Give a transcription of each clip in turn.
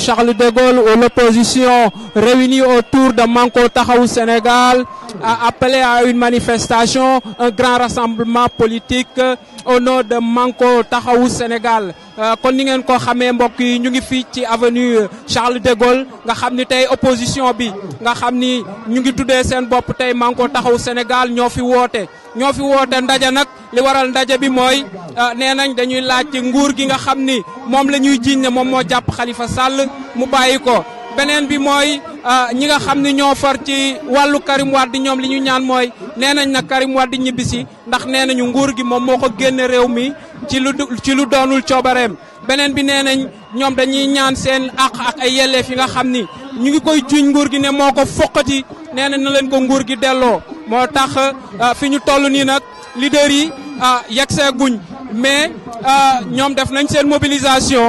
Charles de Gaulle ou l'opposition réunie autour de Manko Tahaou Sénégal a appelé à une manifestation, un grand rassemblement politique au nom de Manko Tahaou Sénégal. Euh, kon ni ngeen ko xamee mbokk yi ñu ngi fii ci avenue Charles de Gaulle nga xam ni tey opposition bi nga xam ni ñu ngi tuddee seen bopp tey Manko taxaw Sénégal ñoo fi woote ñoo fi woote ndaje nag li waral ndaje bi mooy euh, nee nañ dañuy laaj ci nguur gi nga xam ni moom la ñuy jiiñ ne moom moo jàpp Khalifa sàll mu bàyyi ko beneen bi mooy euh, ñi nga xam ne ñoo far ci wàllu Karim Wade ñoom li ñu ñaan mooy nee nañ nag Karim Wade ñibbisi ndax nee nañu nguur gi moom moo ko génne réew mi ci lu ci lu doonul coobareem beneen bi nee nañ ñoom dañuy ñaan seen àq ak yelleef yi nga xam ni ñu ngi koy juñ nguur gi ne moo ko foqati nee nañ na leen ko nguur gi delloo moo tax euh, fi ñu toll nii nag leader yi euh, yegg see guñ mais ñoom def nañ seen mobilisation.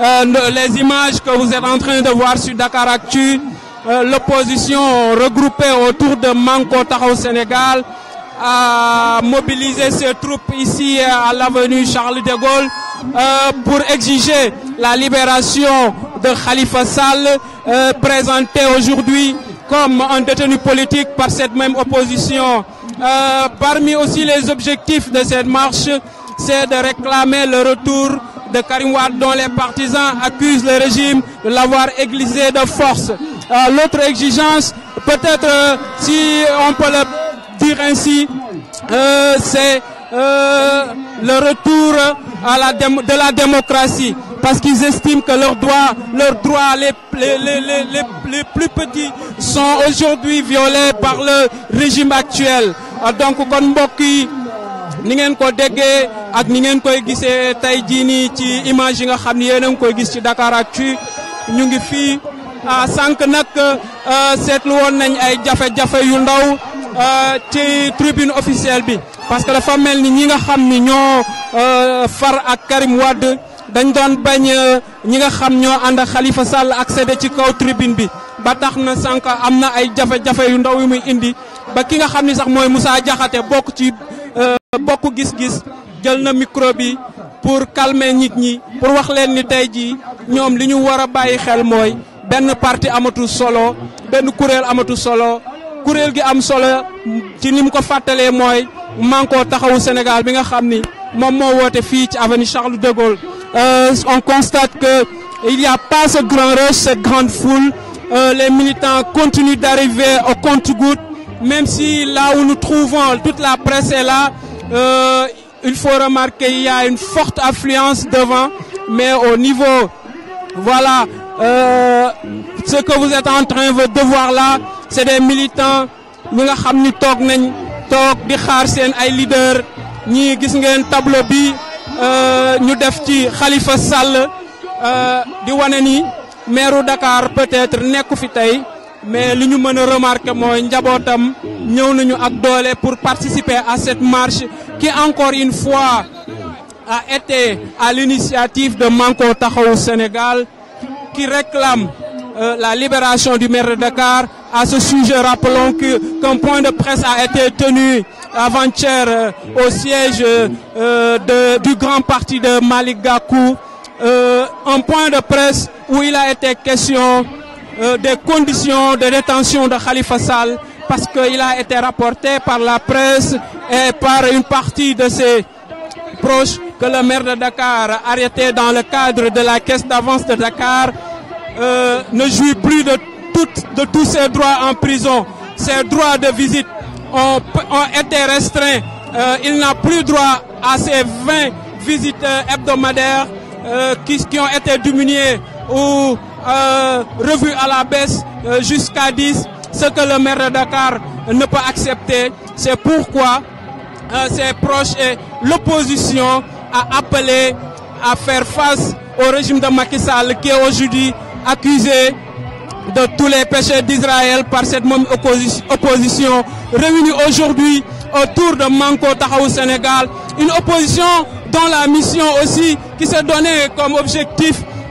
Euh, les images que vous êtes en train de voir sur Dakar Actu, euh, l'opposition regroupée autour de Manko au Sénégal a mobilisé ses troupes ici euh, à l'avenue Charles de Gaulle pour exiger la libération de Khalifa Sall, présenté aujourd'hui comme un détenu politique par cette même opposition. parmi aussi les objectifs de cette marche, c'est de réclamer le retour de Karim dont les partisans accusent le régime de l'avoir églisé de force. Euh, l'autre exigence, peut-être euh, si on peut le dire ainsi, euh, c'est le retour de la démocratie parce qu'ils estiment que leurs droits, leurs droits les, les plus petits sont aujourd'hui violés par le régime actuel. Donc, ni ngeen ko déggee ak ni ngeen koy gissé tay ji ni ci image yi nga xamni ni yéen koy ci Dakar ak ci ñu ngi ah sank nak setlu won nañ ay jafé jafé yu ndaw ci tribune officielle bi parce que dafa mel ñi nga xamni ñoo far ak Karim Wad dañ doon bañ ñi nga xam ñoo and Khalifa Sall accédé ci kaw tribune bi ba tax na sànq am ay jafé jafé yu ndaw yu muy indi ba ki nga xamni sax moy Moussa Diakhaté bok ci Euh, Beaucoup gis-gis jël na micro bi pour calmer nit ñi pour wax leen ni tay ji ñom li ñu wara bayyi bàyyi xel mooy parti amatu solo Ben kurel amatu solo kurel gi am solo ci nim ko fatale moy Manko Taxawu Sénégal bi nga xamni ni mo wote fi ci avenue Charles de Gaulle euh, on constate que il y a pas ce grand rush cette grande foule euh, les militants continuent d'arriver au compte goutte même si là où nous trouvons, toute la presse est là, euh, il faut remarquer qu'il y a une forte affluence devant, mais au niveau, voilà, euh, ce que vous êtes en train de voir là, c'est des militants, nous savons tok nañ tok di xaar seen ay leader ñi gis tableau bi euh ñu def Khalifa Sall euh di Dakar peut-être nekku fi mais nous nous sommes remarquer nous pour participer à cette marche qui encore une fois a été à l'initiative de Manko au Sénégal qui réclame euh, la libération du maire de Dakar. À ce sujet, rappelons qu'un point de presse a été tenu avant-hier euh, au siège euh, du grand parti de Malik Gakou. un point de presse où il a été question euh, des conditions de détention de Khalifa Sall parce qu'il a été rapporté par la presse et par une partie de ses proches que le maire de Dakar, arrêté dans le cadre de la caisse d'avance de Dakar, euh, ne jouit plus de, de tous ses droits en prison. Ses droits de visite ont, été restreints. Euh, il n'a plus droit à ses 20 visites hebdomadaires qui, qui, ont été diminuées ou revu revue à la baisse euh, jusqu'à 10, ce que le maire de Dakar ne peut accepter. C'est pourquoi euh, ses proches et l'opposition a appelé à faire face au régime de Macky Sall qui est aujourd'hui accusé de tous les péchés d'Israël par cette même opposition réunie aujourd'hui autour de Manko au Sénégal. Une opposition dont la mission aussi qui s'est donnée comme objectif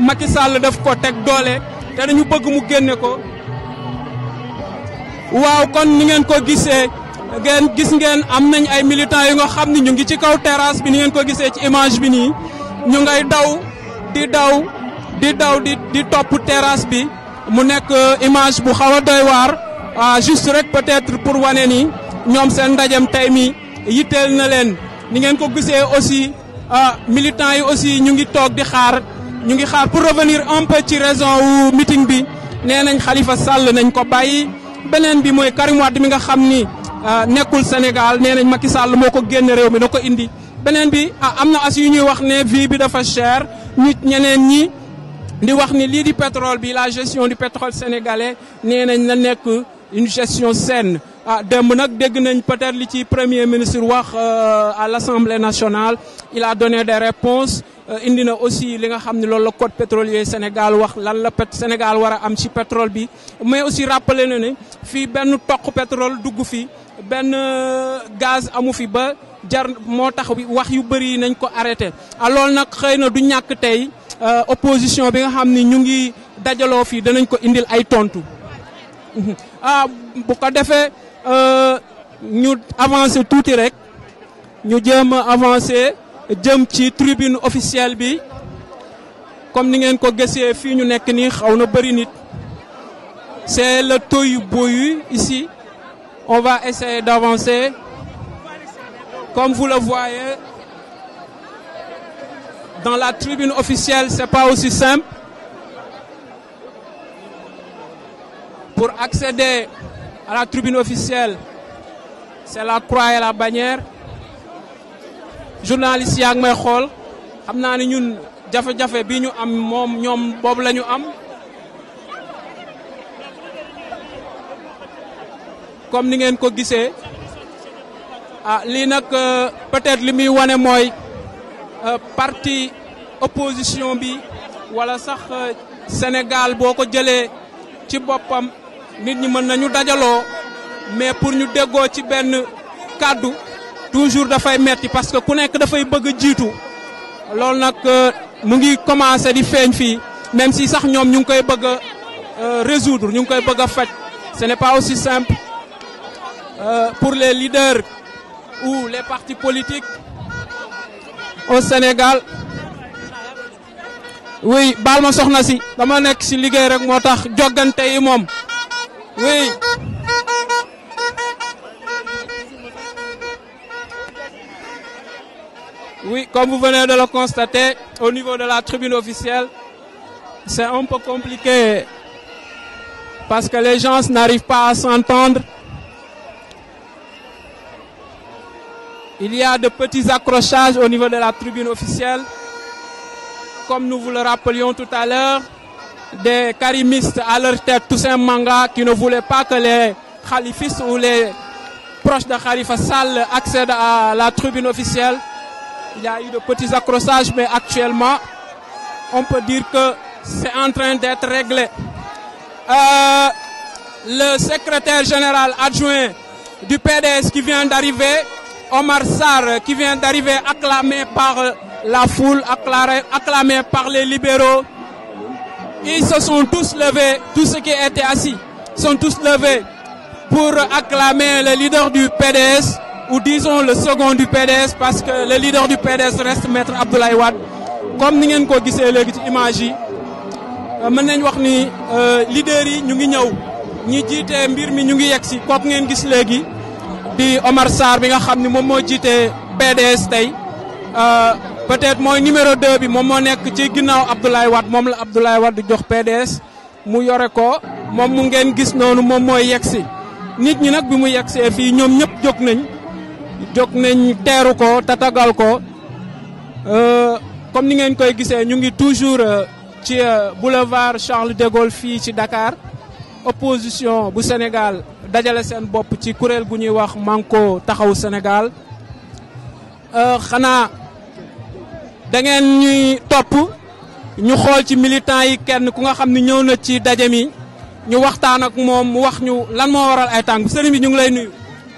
Macky Sall def ko teg doole te dañu bëgg mu génne ko waaw kon ni ngeen ko gisee ngeen gis ngeen am nañ ay militants yu nga xam ni ñu ngi ci kaw terrasse bi ni ngeen ko gisee ci image bi nii ñu ngay daw di daw di daw di di topp terrasse bi mu nekk uh, image bu xaw a doy waar ah, juste rek peut pour wane ni ñoom seen ndajem tey mi yitteel na leen ni ngeen ko gisee aussi ah, militants yi aussi ñu ngi toog di xaar ñu ngi xaar pour revenir un peu ci raison wu meeting bi nee nañ Khalifa Sall nañ ko bàyyi beneen bi mooy Karim Wade mi nga xam ni euh, nekkul Sénégal nee nañ Macky Sall moo ko génn réew mi na ko indi beneen bi ah, am na as yu ñuy wax ne vie bi dafa cher nit ñeneen ñi di wax ni lii di pétrole bi la gestion du pétrole sénégalais nee nañ na nekk une gestion saine ah démb nag dégg nañ peut-être li ci premier ministre wax euh, à l'Assemblée nationale il a donné des réponses euh, indi na aussi li nga xam ne loolu la code pétrolier Sénégal wax lan la pét Sénégal war a am ci pétrole bi mais aussi rappelé na ne fii benn toq pétrole dugg fi benn euh, gaz amu fi ba jar moo tax wax yu bëri nañ ko arrêté a loolu nag xëy na du ñàkk tey euh, opposition bi nga xam ni ñu ngi dajaloo fii danañ ko indil ay tontu ah bu ko defee ñu avancer tuuti rek ñu jéem avancer ci tribune officielle comme ni ngeen ko ñu c'est le toy boy ici on va essayer d'avancer comme vous le voyez dans la tribune officielle c'est pas aussi simple pour accéder à la tribune officielle c'est la croix et la bannière journaliste yaa ngi may xool xam naa ni ñun jafe-jafe bi ñu am moom ñoom boobu la ñu am comme ni ngeen ko gisee ah lii nag euh, peut-être li muy wane mooy euh, parti opposition bi wala sax euh, Sénégal boo ko jëlee ci boppam nit ñi mën nañu dajaloo mais pour ñu déggoo ci benn kàddu toujours dafay metti parce que ku on dafay bëgg a jiitu loolu nag euh, mu ngi commencé di feeñ même si ça nous a koy résoudre nous ngi koy bëgg euh, ce n'est pas aussi simple euh, pour les leaders ou les partis politiques au Sénégal oui balma soxna si dama nek ci liggéey rek motax jogante yi mom oui Oui, comme vous venez de le constater, au niveau de la tribune officielle, c'est un peu compliqué parce que les gens n'arrivent pas à s'entendre. Il y a de petits accrochages au niveau de la tribune officielle. Comme nous vous le rappelions tout à l'heure, des karimistes à leur tête, tous un manga qui ne voulaient pas que les khalifistes ou les proches de Khalifa Sall accèdent à la tribune officielle. Il y a eu de petits accrochages, mais actuellement, on peut dire que c'est en train d'être réglé. Euh, le secrétaire général adjoint du PDS qui vient d'arriver, Omar Sarr, qui vient d'arriver acclamé par euh, la foule, acclamé, acclamé par les libéraux. Ils se sont tous levés, tous ceux qui étaient assis sont tous levés pour acclamer le leader du PDS, ou disons le second du PDS parce que le leader du PDS reste maître Abdoulaye Wade comme ni ngeen ko gisee léegi ci image yi euh, mën nañ wax ni euh, leader yi ñu ngi ñëw ñi jiite mbir mi ñu ngi ngeen di Omar Sar bi nga xam ni moom moo jiite PDS tey euh, peut-être mooy numéro 2 bi moom moo nekk ci ginnaaw Abdoulaye Wade moom la Abdoulaye Wade jox PDS mu yore ko moom mu ngeen gis nonu moom mooy yegg nit ñi nag bi mu yegg see fii ñoom ñëpp nañ jóg nañ teeru ko tatagal ko euh, comme ni ngeen koy gisee ñu ngi toujours euh, ci euh, boulevard Charles de Gaulle fii ci dakaar opposition bu senegal dajale seen bopp ci kuréel bu ñuy wax Manko Taxawu senegal xanaa dangeen ngeen ñuy topp ñu xool ci militant yi kenn ku nga xam ne ñëw na ci daje mi ñu waxtaan ak moom mu wax ñu lan moo waral ay tànk sëriñ bi ñu ngi lay nuyu.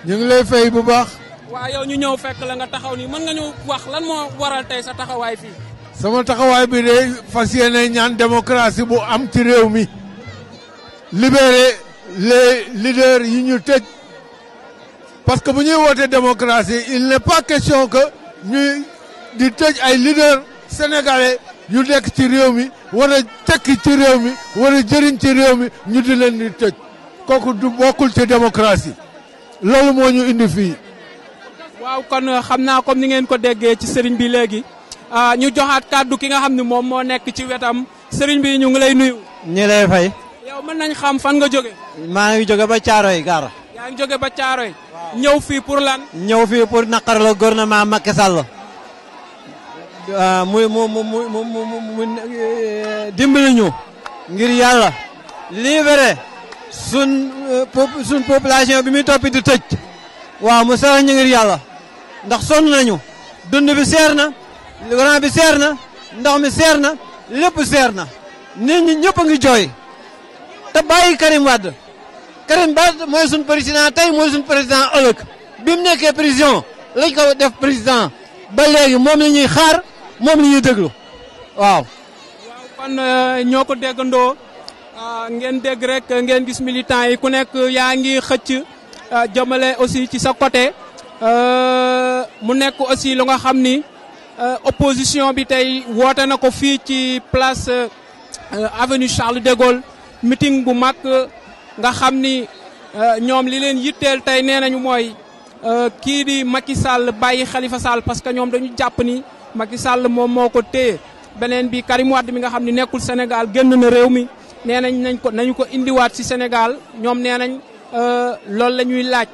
ñu ngi lay fay bu baax. waa yow ñu ñëw fekk la nga taxaw ni mën nga ñu wax lan moo waral tey sa taxawaay fii sama taxawaay bi de fas yéene ñaan démocratie bu am ci réew mi libérer les leaders yi ñu tëj parce que bu ñuy wootee démocratie il n'est pas question que ñuy di tëj ay leader sénégalais yu nekk ci réew mi war a tekki ci réew mi war a jëriñ ci réew mi ñu di leen di tëj kooku du bokkul ci démocratie loolu moo ñu indi fii waaw kon euh, xam naa comme ni ngeen ko déggee ci sëriñ bi léegi euh, ñu joxaat kàddu ki nga xam ne moom moo nekk ci wetam sëriñ bi ñu ngi lay nuyu. ñu lay fay. yow nañ xam fan nga jóge. maa ngi jóge ba Caaroy gaar. yaa ngi jóge ba Caaroy. ñëw fii pour lan. ñëw fi pour naqar la gouvernement Macky Sall. Euh, muy mu mu mu mu mu mu dimbali ngir yàlla. libéré. sun suñ bi muy toppi du tëj. waaw mu sarax ñu ngir yàlla. ndax sonn nañu dund bi seer na courant bi seer na ndox mi seer na lépp seer na nit ñi ñëpp a ngi jooy te bàyyi Karim Wade Karim Wade mooy suñ président tey mooy suñu président ëllëg bi mu nekkee prison lañ ko def président ba léegi moom la ñuy xaar moom la ñuy déglu waaw. waaw euh, ñoo ko déggandoo euh, ngeen dégg rek ngeen gis militant yi ku nekk yaa ngi xëcc euh, jëmale aussi ci sa côté. Euh, mu nekk aussi lu nga xam ni euh, opposition bi tey woote na ko fii ci place euh, avenue Charles de Gaulle meeting bu mag nga xam ni ñoom li leen yitteel tey nee nañu mooy kii di Macky Sall bàyyi xalifa Sall parce que ñoom dañu jàpp ni Macky Sall moom moo ko téye beneen bi Karim wadd mi nga xam ni nekkul Sénégal génn na réew mi nee nañ nañ ko nañu ko indiwaat ci senegal ñoom nee nañ loolu la ñuy laaj.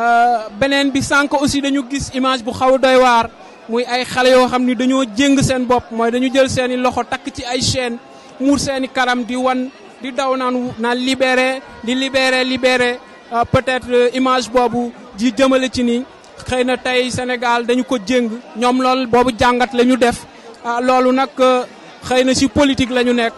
Euh, beneen bi sànq aussi dañu gis image bu xaw a doy waar muy ay xale yoo xam ni dañoo jéng seen bopp mooy dañu jël seeni loxo takk ci ay chaîne muur seeni karam di wan di daw naan naan libéré di libéré libere euh, peut-être euh, image boobu ji jëmale ci nii xëy na tey Sénégal dañu ko jéng ñoom lool boobu jàngat lañu ñu def loolu nag xëy na ci politique la ñu nekk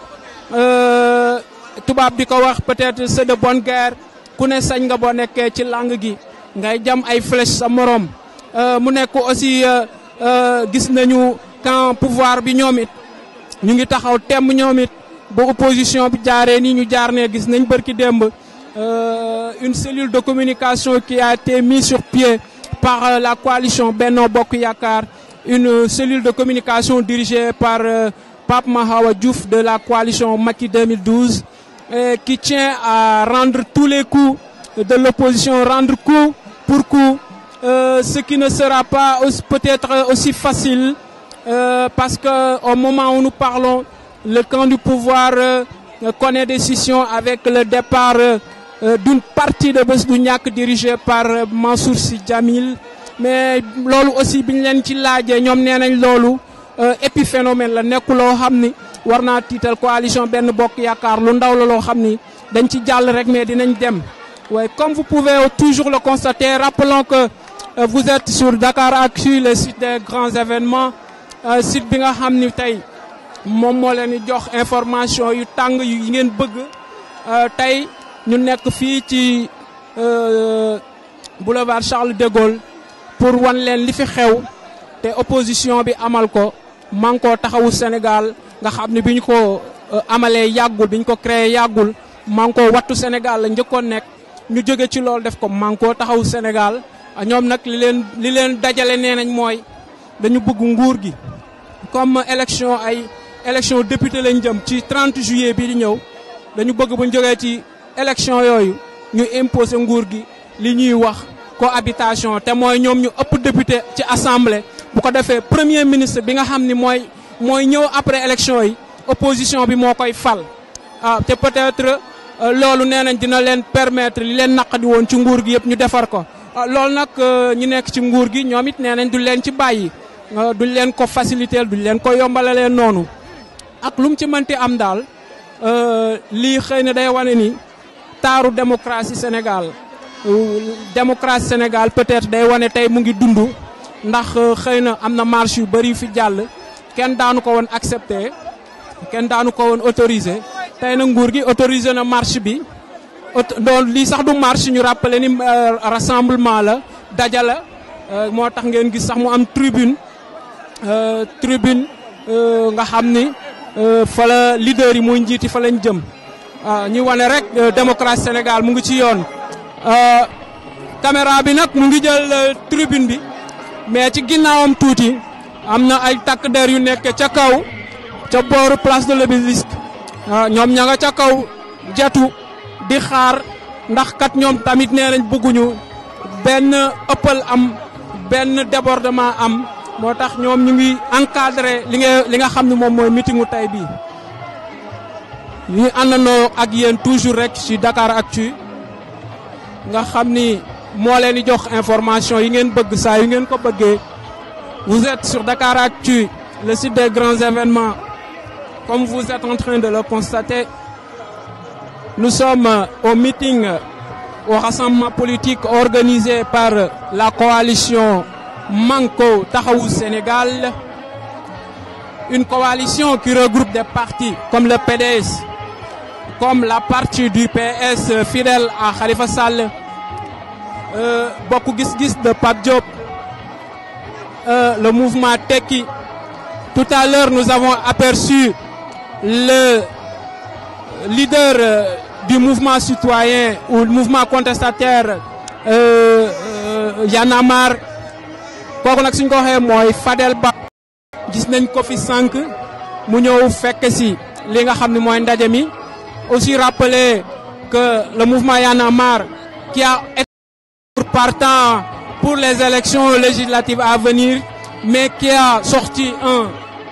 tubaab di ko wax peut-être c'est de bonne guerre ku ne sañ nga boo nekkee ci lang gi nous avons ay flèche sa morom euh, mu nekk aussi euh, euh, gis nañu quand pouvoir bi ñoom it ñu ngi taxaw temm ñoom it opposition bi jaaree nii ñu gis nañ une cellule de communication qui a été mise sur pied par la coalition Benno Bokk Yakar, une cellule de communication dirigée par Pape Mahawa Diouf de la coalition Maki 2012 qui tient à rendre tous les coups de l'opposition, rendre coups. Pourquoi? euh, ce qui ne sera pas peut-être euh, aussi facile, euh, parce qu'au moment où nous parlons, le camp du pouvoir euh, connaît des décisions avec le départ euh, d'une partie de Besdouniak dirigée par Mansour Sidjamil. mais lolu aussi bi ñu a ci laajee ñoom nee épiphénomène la nekk loo xam war coalition benn bokk Yakar, lu ndaw la loo dañ ci Ouais, comme vous pouvez toujours le constater, rappelons que euh, vous êtes sur Dakar Actu, le site des grands événements. Euh, site bi nga xam ni tey information yu tang yu ngeen bëgg euh, tey ñu nekk euh, boulevard Charles de Gaulle pour wan leen li fi xew te opposition bi amal ko man taxawu Sénégal nga avons ne bi ñu ko amalee yàggul ko créé yàggul Manko Sénégal la njëkkoon ñu jóge ci loolu def ko manko taxaw Sénégal ah, ñoom nag li leen li leen dajale nee nañ mooy dañu bëgg nguur gi comme élection ay élection député lañ jëm ci 30 juillet bii di ñëw dañu bëgg bu ñu jógee ci élection yooyu ñu imposé nguur gi li ñuy wax cohabitation te mooy ñoom ñu ëpp député ci assemblée bu ko defee premier ministre bi nga xam ni mooy mooy ñëw après élection yi opposition bi moo koy fal ah te peut-être Euh, loolu nee nañ dina leen permettre li leen naqadi woon ci nguur gi yëpp ñu defar ko euh, loolu nag euh, ñu nekk ci nguur gi ñoom it nee nañ du leen ci bàyyi duñ leen ko faciliter duñ leen ko yombalalee noonu ak lu mu ci mënti am daal lii xëy na day wane ni taaru démocratie Sénégal démocratie Sénégal peut-être day wane tey mu ngi dund ndax xëy na am na marche yu bëri fi jàll kenn daanu ko woon accepté ken daanu ko won autoriser tay na nguur gi autoriser na marche bi don li sax du marche ñu rappeler ni euh, rassemblement la dajala euh, moo tax ngeen gis sax mu am tribune euh, tribune nga xamni ni fa la leader yi moy njiti fa lañ jëm ah, ñi wone rek démocratie sénégal mu ngi ci yoon caméra bi nak mu ngi jël tribune bi mais ci ginnawam tuuti am ay tak der yu nekk ca kaw ca booru place de l'obélisque ñoom ña nga ca kaw jatu di xaar nah, ndax kat ñoom tamit nee nañ bëgguñu benn ëppal am benn débordement am moo tax ñoom ñu ngi encadré li nga li nga xam ne moom mooy meetingu tey bii ñu àndandoo ak yéen toujours rek si Dakar Actu nga xam ni moo leen di jox information yi ngeen bëgg saa yu ngeen ko bëggee vous êtes sur Dakar Actu le site des grands événements Comme vous êtes en train de le constater, nous sommes au meeting, au rassemblement politique organisé par la coalition Manco Tahaou Sénégal. Une coalition qui regroupe des partis comme le PDS, comme la partie du PS fidèle à Khalifa Sall, euh, beaucoup de Pape euh, le mouvement Teki. Tout à l'heure, nous avons aperçu le leader euh, du mouvement citoyen ou le mouvement contestataire euh, euh Yanamar pour Fadel Ba gis nañ ko fi aussi rappeler que le mouvement Yanamar qui a été partant pour les élections législatives à venir mais qui a sorti un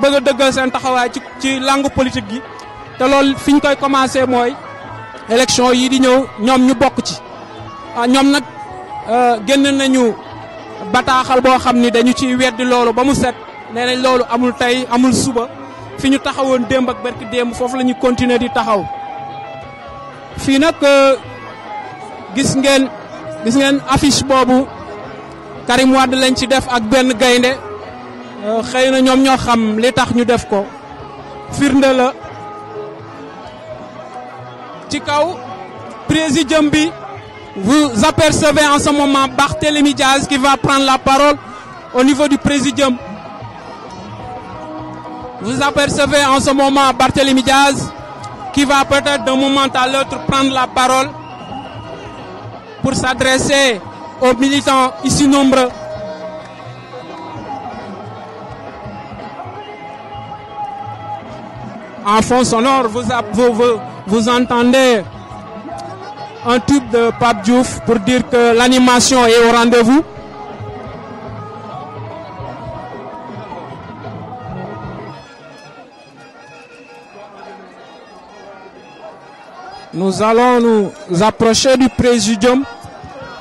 bëgg dëggal seen taxawaay ci ci langue politique gi te loolu fiñ koy commencé mooy élection yi di ñëw ñoom ñu bokk ci ah, ñoom nag euh, génn nañu bataaxal boo xam ni dañu ci weddi loolu ba mu set nee loolu amul tey amul suba fi ñu taxawoon démb ak barki démb foofu la ñuy continuer di taxaw fii nag euh, gis ngeen gis ngeen affiche boobu Karim Wade lañ ci def ak benn gaynde Euh, président vous apercevez en ce moment Barthélémy Diaz qui va prendre la parole au niveau du présidium. Vous apercevez en ce moment Barthélémy Diaz qui va peut-être d'un moment à l'autre prendre la parole pour s'adresser aux militants ici nombreux. en fond sonore, vous, entendez un tube de Pape Diouf pour dire que l'animation est au rendez-vous. Nous allons nous approcher du présidium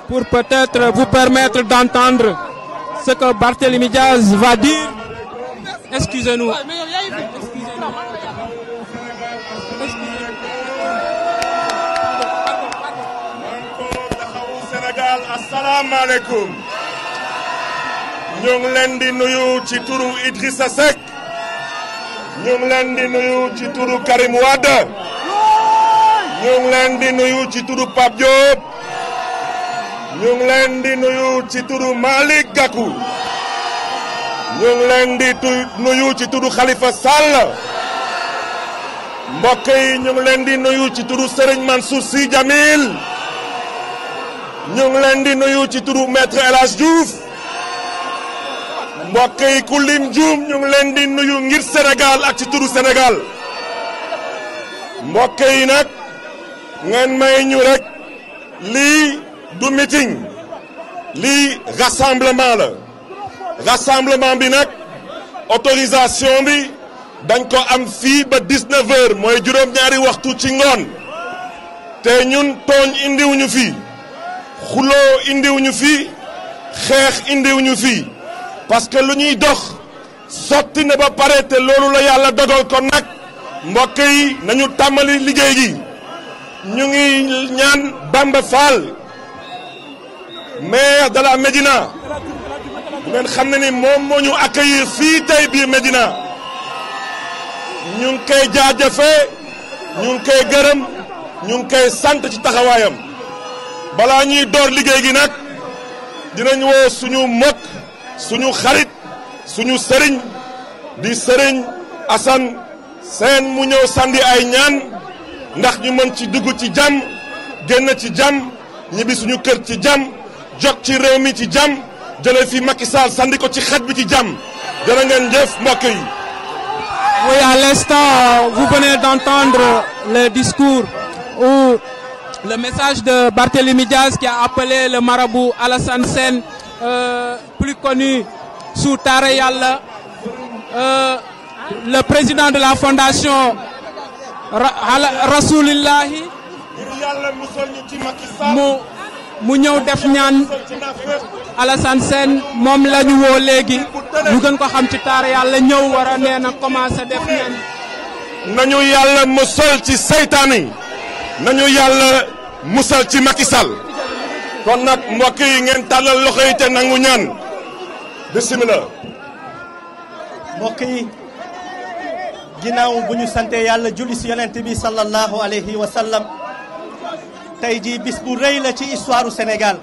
pour peut-être vous permettre d'entendre ce que Barthélémy Diaz va dire. Excusez-nous. asalaamaaleykum ñu ngi leen di nuyu ci turu Idrissa Seck ñu ngi leen di nuyu ci turu Karim Wade ñu leen di nuyu ci turu Pape Diop ñu leen di nuyu ci turu Khalifa Sall mbokk yi ñu leen di nuyu ci turu Serigne Mansour Sy Jamil ñu ngi leen di nuyu ci turu maître El Hadj Diouf mbokk yi ku juum ñu leen di nuyu ngir Sénégal ak ci turu Sénégal mbokk yi nag ngeen may ñu rek lii du meeting lii rassemblement la rassemblement bi nag autorisation bi dañ ko am fii ba 19 heures mooy juróom-ñaari waxtu ci ngoon te ñun tooñ indiwuñu fii. xuloo indiwuñu fii xeex indiwuñu fii parce que lu ñuy dox sotti na ba pare te loolu la yàlla dogal kon nag mbokk yi nañu tàmbali liggéey gi ñu ngi ñaan Bamba Fall dala de la Médina bu ngeen xam ne ni moom moo ñu accueillir fii tey biir Médina ñu ngi koy jaajëfee ñu ngi koy gërëm ñu ngi koy sant ci taxawaayam balaa ñuy door liggéey gi nag dinañ woo suñu mbokk suñu xarit suñu sëriñ di sëriñ Assane seen mu ñëw sandi ay ñaan ndax ñu mën ci dugg ci jàmm génn ci jàmm ñibbi suñu kër ci jàmm jog ci réew mi ci jàmm jële fi Macky Sall sandi ko ci xat bi ci jàmm jërë ngeen jëf mbokk yi. Oui, à l'instant, vous venez d'entendre le discours où Le message de Barthélémy Diaz qui a appelé le marabout Alassane Sen, euh, plus connu sous Tareyal, euh, le président de la fondation Rasoulillahi, mu mu ñëw def ñaan Alassane Sen Mom la ñu woo léegi ñu gën ko xam ci taar yàlla ñëw war a nee na commencé def ñaan nañu yàlla musal ci seytaane yi nañu yàlla musal ci Macky Sall kon nak mbokk yi ngeen tàllal loxo yi te ñaan sallallahu alayhi wa sallam tey ji bis bu rëy la ci histoire Sénégal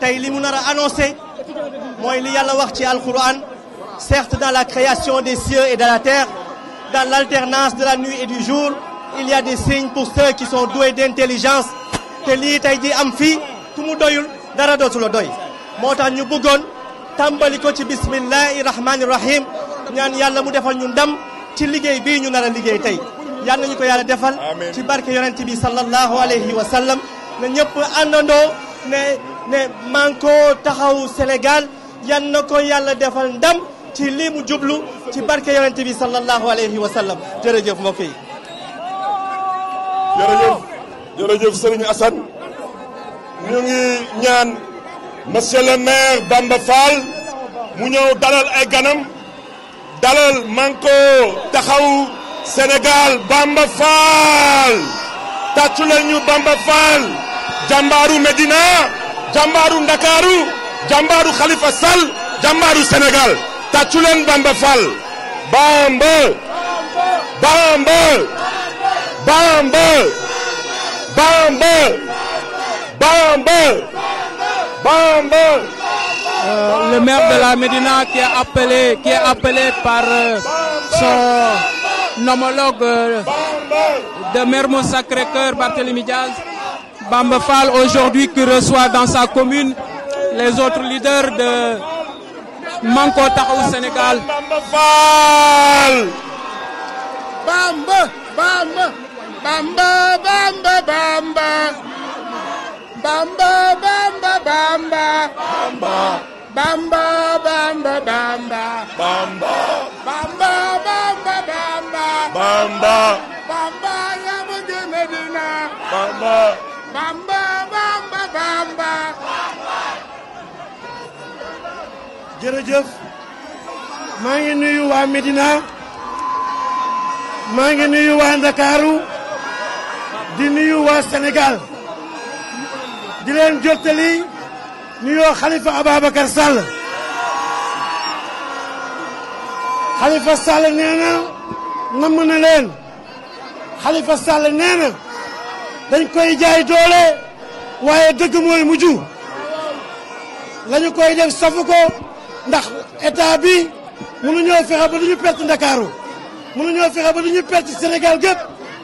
tey li a annoncé mooy li yàlla wax certes dans la création des cieux et de la terre dans l'alternance de la nuit et du jour il y a des signes pour ceux qui sont doués d'intelligence te lii tey ji am fii ku mu doyul dara dootula doy moo tax ñu bëggoon tàmbali ko ci bismillahi rahmaani rahim ñaan yàlla mu defal ñu ndam ci liggéey bii ñu nar a liggéey tey yal ñu ko yàlla defal ci barke yonent bi sallallahu alayhi wa sallam na ñëpp àndandoo ne ne manko taxaw Sénégal yan na ko yàlla defal ndam ci lii mu jublu ci barke yonent bi sallallahu alayhi wa sallam jërëjëf mbokk yi jërëjëf jërëjëf Serigne Assane ñu ngi ñaan monsieur le maire Bamba Fall mu ñëw dalal ay ganam dalal manko taxaw Sénégal Bamba Fall tàccu leen ñu Bamba Fall jàmbaaru Medina jàmbaaru Ndakaaru jàmbaaru Khalifa Sall jàmbaaru Sénégal tàccu leen Bamba Fall Bamba Bamba Bambe Bambe Bambe euh, le maire de la Médina qui est appelé, qui est appelé par euh, son homologue euh, de de Mon Sacré-Cœur, Barthélémy Diaz, Fall, aujourd'hui qui reçoit dans sa commune les autres leaders de Manko au Sénégal. Fall Bambe Bambe Bamba bamba bamba. Bamba bamba bamba. Bamba. Bamba bamba bamba. Bamba. Bamba bamba bamba. Bamba. Bamba ya buje Medina. Bamba. Bamba bamba bamba. jërëjëf maa ngi nuyu waa Medina maa ngi nuyu waa Ndakaaru di nuyu waa Sénégal di leen jottali nuyoo Khalifa Ababacar Sall Khalifa Sall nee na namm na leen Khalifa Sall nee na dañ koy jaay doole waaye dëgg mooy mujj lañu koy def safu ko ndax état bi mënuñoo fexe ba duñu perte Ndakaaru mënuñoo fexe ba duñu perte Sénégal gépp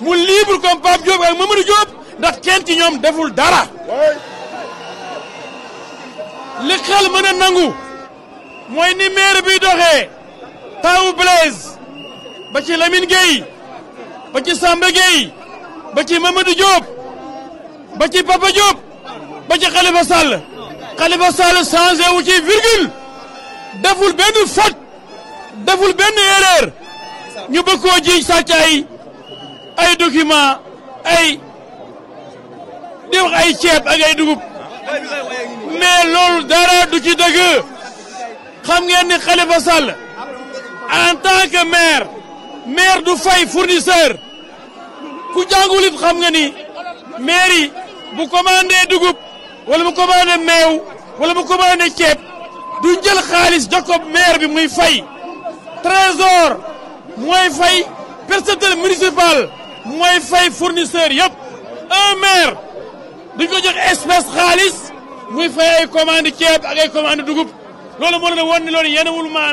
mu libre comme Pape Diop ak Mamadou Diop ndax kenn ci ñoom deful dara li xel mën a nangu mooy ni maire bi doxee tawu Blaise ba ci Lamine Gueye ba ci Samba Gueye ba ci Mamadou Diop ba ci Papa Diop ba ci Khalifa Sall Khalifa wu ci virgule deful benn faute deful benn erreur ñu bëgg koo jiiñ sàccaay أي دوكيما أي ديو أي شيب أي دوكيما مي لول دارا دوكي دوكي خم غيني خليفة صال أن تانك مير مير دو فاي فورنيسور كو جانغو ليف خم غني ميري بو كوماندي دوكيما ولا بو ميو ولا بو كوماندي شيب دو نجل خالص دوكو مير بمي فاي تريزور موي فاي personnel municipal moy fay fournisseur un maire duñ ko espèce muy fay ay commande ceeb ay commande dugub loolu moo leen a wan ne loolu yenewul a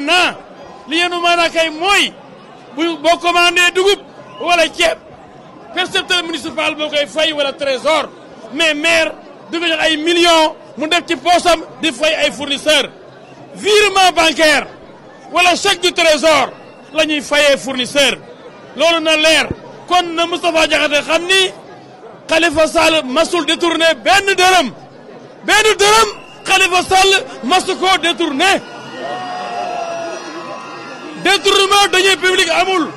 li yenu maanaa kay mooy bu boo commandé dugub wala ceeb percepteur municipal boo koy fay wala trésor mais maire du ay millions mu def ci poosam di fay ay fournisseur virement bancaire wala chèque du trésor la fournisseur loolu na كون مصطفى جاخاتي خامني خليفه صال مسول ديتورني بن درم بن درم خليفه صال مسكو ديتورني ديتورمون دانيي بيبليك امول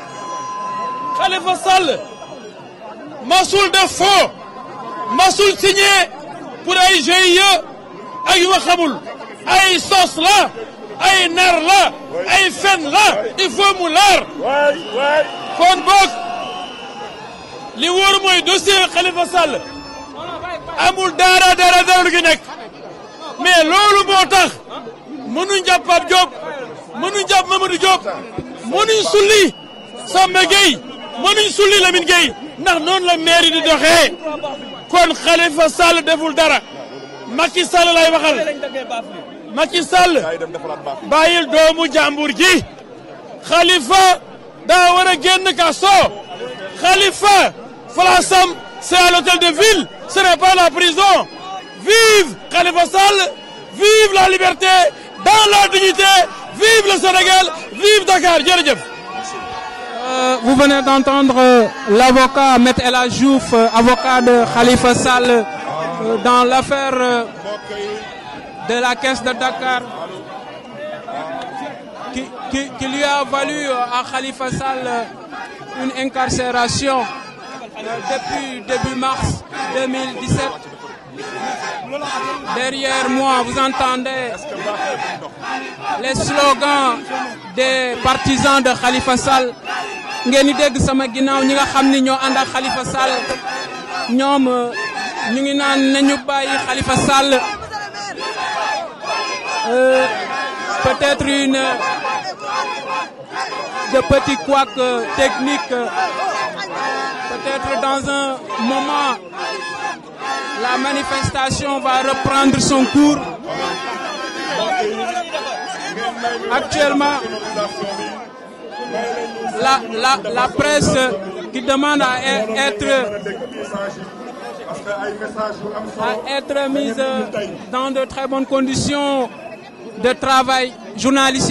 خليفه صال مسول دو فو مسول سيني بور اي جيي اي خامول اي صوص لا اي نار لا اي فن لا اي فو مولار كون بوك li wóor mooy dossier Khalifa Sall amul dara dara dara lu nekk mais loolu moo mënuñ jàpp Pape Diop mënuñ jàpp Mamadou Diop mënuñ sulli Samba Gueye mënuñ sulli Lamine Gueye ndax noonu la mairie di doxee kon Khalifa Sall deful dara Macky Sall lay waxal Macky Sall doomu jàmbur ji Khalifa daa war a génn kaso Khalifa Falassam, c'est à l'hôtel de ville, ce n'est pas la prison. Vive Khalifa Sall, vive la liberté, dans la dignité, vive le Sénégal, vive Dakar. Euh, vous venez d'entendre euh, l'avocat Met El Ajouf, euh, avocat de Khalifa Sall, dans l'affaire de la caisse de Dakar. Qui, lui a valu à Khalifa Sall une incarcération euh, depuis début mars 2017. Derrière moi, vous entendez les slogans des partisans de Khalifa Sall. ngeen di sama ñoo Khalifa Sall Nous, euh, ñu ngi Khalifa Sall euh, peut-être une de petits couacs techniques dans un moment, la manifestation va reprendre son cours. Actuellement, la, la, la presse qui demande à e-, être, à être mise dans de très bonnes conditions de travail. Journalistes,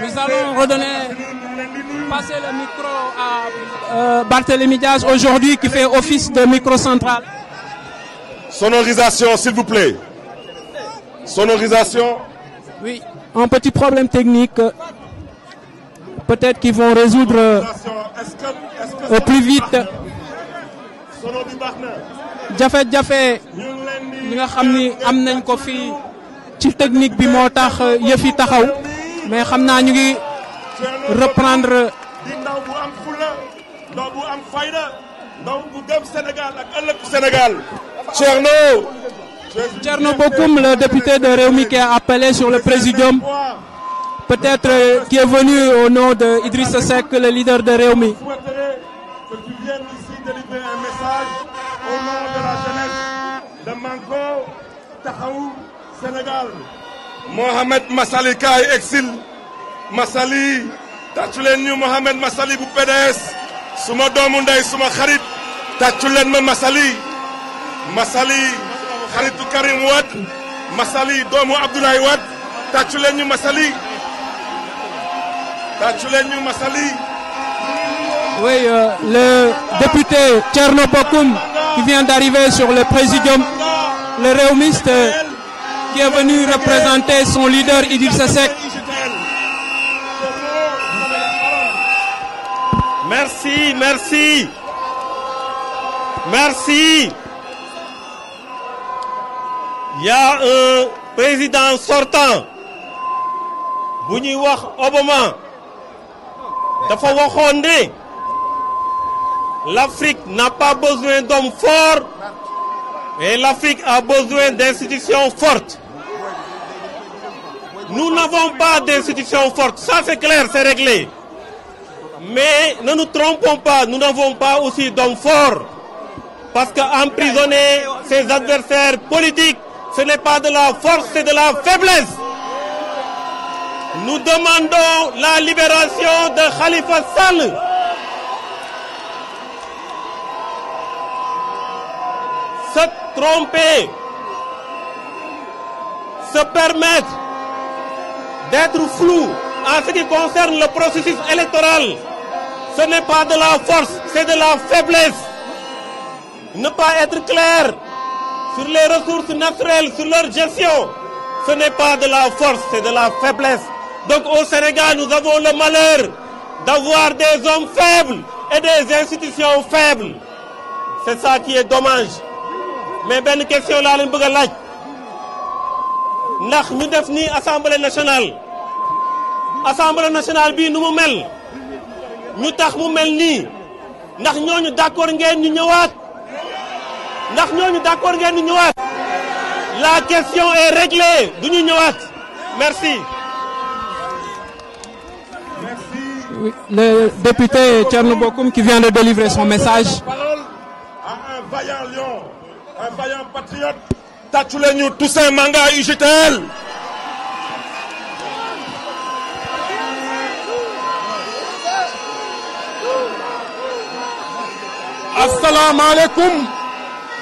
Nous allons redonner, passer le micro à euh, Barthélémy Diaz aujourd'hui qui fait office de micro-centrale. Sonorisation, s'il vous plaît. Sonorisation. Oui, un petit problème technique. Peut-être qu'ils vont résoudre au plus vite. jafe-jafe technique mais xam naa ñu ngi reprendre. di bu am fula ndaw bu am fayda ndaw bu dem Sénégal ak ëllëg Sénégal. Cherno. Cherno Bokoum, le député de Réumi qui a appelé sur le Présidium peut-être euh, qui est venu au nom de Idrissa Seck le leader de souhaiterais que tu viennes ici délivrer un message au nom de la jeunesse de Manko Tahou, Sénégal. Mohamed Massali Kaye exil Massali, tàccu Mohamed Massali, bu PDS suma doomu nday suma xarit tàccu leen ma Karim Wad Massali doomu Abdoulaye Wad tàccu leen ñu Massali. Oui, euh, le député Tcherno qui vient d'arriver sur le président, le réumiste. Euh, qui est venu représenter son leader Idil Sasek. Merci, merci. Merci. Il y a un président sortant. Bouni Obama. l'Afrique n'a pas besoin d'hommes forts et l'Afrique a besoin d'institutions fortes. Nous n'avons pas d'institutions fortes. Ça, c'est clair, c'est réglé. Mais ne nous trompons pas, nous n'avons pas aussi d'hommes forts. Parce qu'emprisonner ses adversaires politiques, ce n'est pas de la force, c'est de la faiblesse. Nous demandons la libération de Khalifa Sall. se tromper, se permettre d'être flou en ce qui concerne le processus électoral, ce n'est pas de la force, c'est de la faiblesse. Ne pas être clair sur les ressources naturelles, sur leur gestion, ce n'est pas de la force, c'est de la faiblesse. Donc au Sénégal, nous avons le malheur d'avoir des hommes faibles et des institutions faibles. C'est ça qui est dommage mais benn question laa leen bëgg a laaj ndax ñu def ni assemblée nationale assemblée nationale bii nu mu mel ñu tax mu mel nii ndax ñooñu d'accord ngeen ñu ñëwaat ndax ñooñu d'accord ngeen ñu ñëwaat la question est réglée du ñu ñëwaat merci. Oui, le député Tcherno Bokoum qui vient de délivrer son message. Parole à un vaillant lion un vaillant patriote. tàccu tous ñu Toussaint Manga Assalamu alaikum,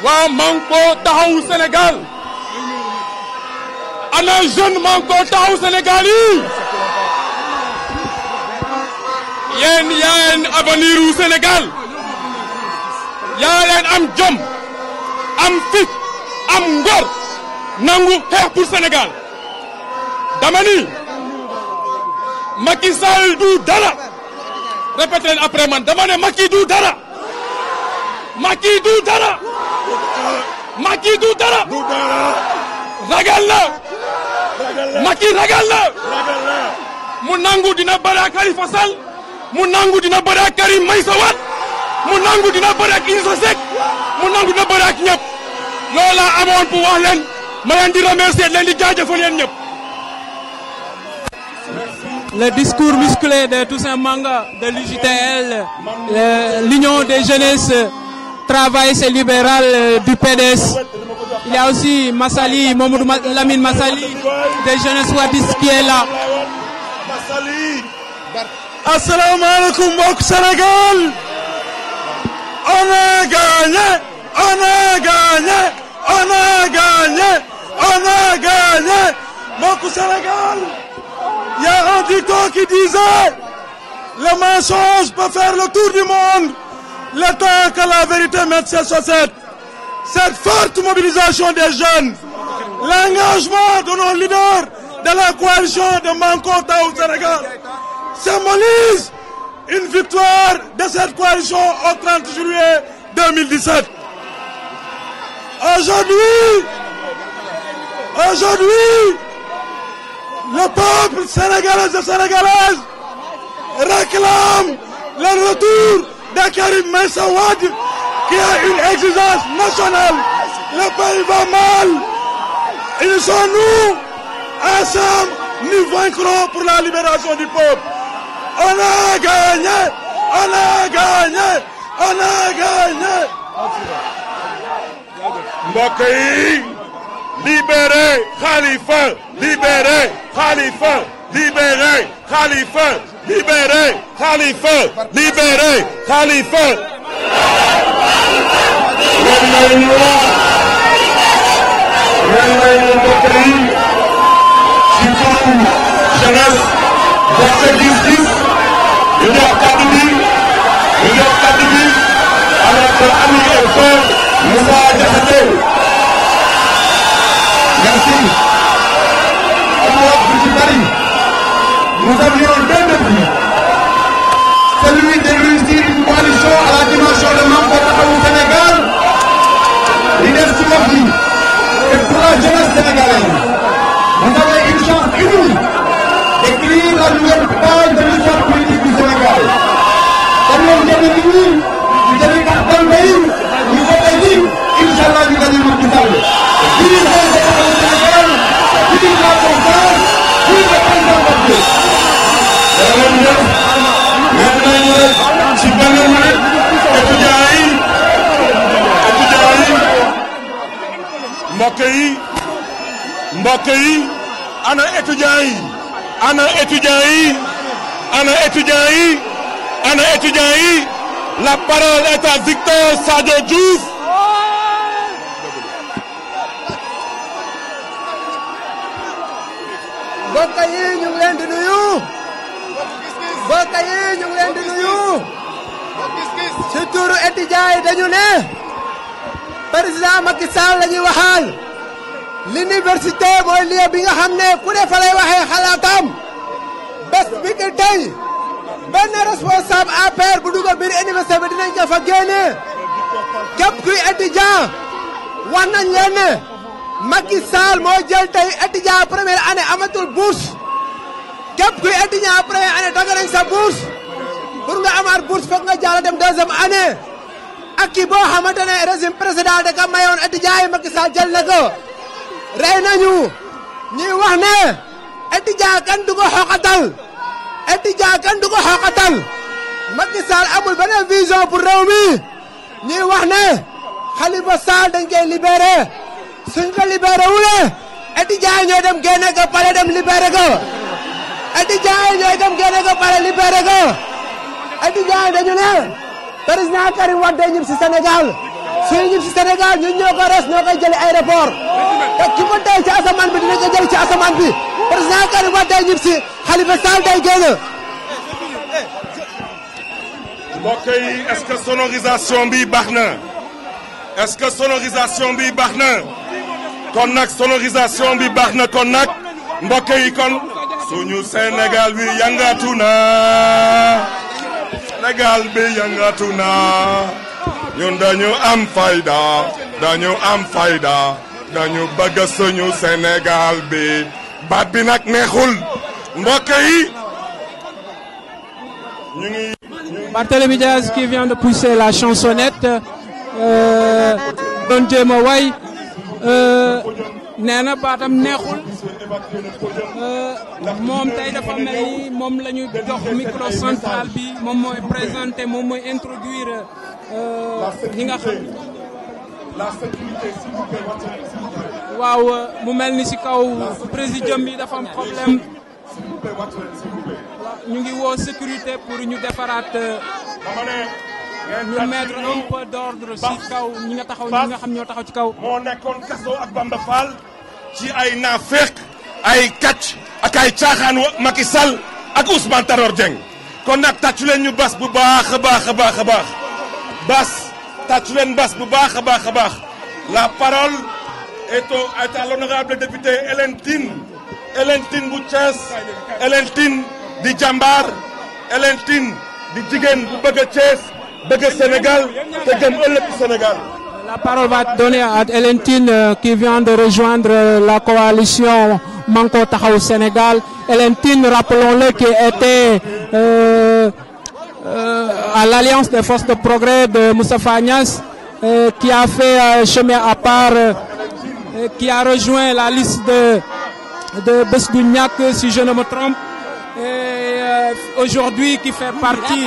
wa Manko au Sénégal. ana jeune Manko au Sénégal yen yen avenir Sénégal. Yen yen am am fit am ngor nangu xeex pour Sénégal dama ni Macky Sall du dara répété leen man dama ne Macky du dara Macky du dara Macky dara ragal na Macky mu nangu dina bëri ak Khalifa Sall mu nangu dina bëri ak Karim Meïssa Wade mu nangu dina bëri ak Idrissa Seck mu nangu dina bëri ak ñëpp loolu laa amoon pour wax leen ma leen di remercier leen di jaajëfal leen Le discours musclé de Toussaint Manga de l'UJTL, l'Union des jeunesses Travailleurs et libéral, euh, du PDS. Il y a aussi Massali, Mamoudou Lamine Massali, des jeunesses wadistes qui est là. Massali, asalaamaaleykum mbokk Sénégal on a gagné, on a gagné, on a gagné, on a gagné. Mon Sénégal, il y a un dicton qui disait le mensonge peut faire le tour du monde, le temps que la vérité mette ses chaussettes. Cette forte mobilisation des jeunes, l'engagement de nos leaders de la coalition de Manco au Sénégal symbolise une victoire de cette coalition au 30 juillet 2017. Aujourd'hui, aujourd'hui, le peuple sénégalais et sénégalaise réclame le retour de Karim Messawad qui a une exigence nationale. Le pays va mal. Ils sont nous, ensemble, nous vaincrons pour la libération du peuple. On a gagné On a gagné On a gagné mbokk libéré Khalifa libéré Khalifa libéré Khalifa libéré Khalifa libéré Khalifa mën nañu notre ami et frère Moussa Diakhaté. Merci. Nous avions deux défis. Celui de réussir une coalition à la dimension de la France au Sénégal, l'inertie et pour la jeunesse sénégalaise. Vous avez une chance unique d'écrire la nouvelle page de l'histoire politique du Sénégal. Comme on vient de ಮಾಡಿದ್ದು ಸಿಬ್ಬಂದಿ ಎತ್ತುಜಾಯಿ ಎತ್ತುಜಾಯಿ ana étudiant ana étudiant ana étudiant ana étudiant la parole est à Victor Sadio Diouf mbokk yi ñu ngi leen di nuyu. mbokk yi ñu ngi leen di nuyu. ci turu étudiants yi dañu ne. président Macky Sall la ñuy waxaal. l'université mooy lieu bi nga xam ne ku ne fa lay waxee xalaatam. bés bi ki tey. benn responsable APR bu dugg biir université bi dinañ ko fa génne. képp kuy étudiant. wax nañ leen ne. Macky Sall moo jël tey étudiant première année amatul bourse képp kuy étudiant première année dagg sa bourse pour nga amaat bourse foog nga jàll dem deuxième année ak boo xamante ne régime ka mayoon étudiant yi Macky Sall jël na ko rey nañu ñuy wax ne étudiant kan du ko xoqatal étudiant kan du ko xoqatal amul beneen vision pour réew wax ne Khalifa Sall dañ koy libéré suñ ko libéré wule Edy Diagne ñooy dem génne ko pare dem libéré ko Edy Diagne ñooy dem génne ko pare Karim Wade ñib si Sénégal suy ñib si ñoo ko res ñoo koy jëli aéroport te ki ci asamaan bi dina ko jëli ci asamaan bi président Karim Wade ñib si Khalifa Sall day génn. mbokk yi que sonorisation bi baax na est-ce que sonorisation bi baax na. sonorisation bi baxna na kon nak yi kon suñu Sénégal bi yëngatu Sénégal bi dañu am fayda dañu am fayda dañu bëgg suñu Sénégal bi baat bi neexul yi qui vient de pousser la chansonnette euh, Don euh, nee batam baatam euh mom tay dafa mel ni moom la jox micro central bi mom moy présenter mom moy introduire euh nga xam. waaw mu melni ci kaw président bi dafa am problème ñu ngi wo sécurité pour ñu defaraat. Euh, ñu mettre un peu ci nga taxaw ñi nga xam ñoo taxaw ci kaw. moo nekkoon kaso ak Bamba Fall ci ay naafeq ay kàcc ak ay caaxaan Macky sal ak Ousmane Tanor Dieng kon nag tàccu leen ñu bas bu baax baax a baax a baax bas tàccu bas bu baax a baax a baax la parole est au est à l'honorable député bu Thiès Hélène di jàmbaar Hélène di jigéen bu bëgg La parole va être donnée à Elentine euh, qui vient de rejoindre euh, la coalition Manko au Sénégal. Elentine, rappelons-le, qui était euh, à l'Alliance des forces de progrès de Moussa Fagnas, qui a fait un chemin à part, qui a rejoint la liste de, de si je ne me trompe, et aujourd'hui qui fait partie...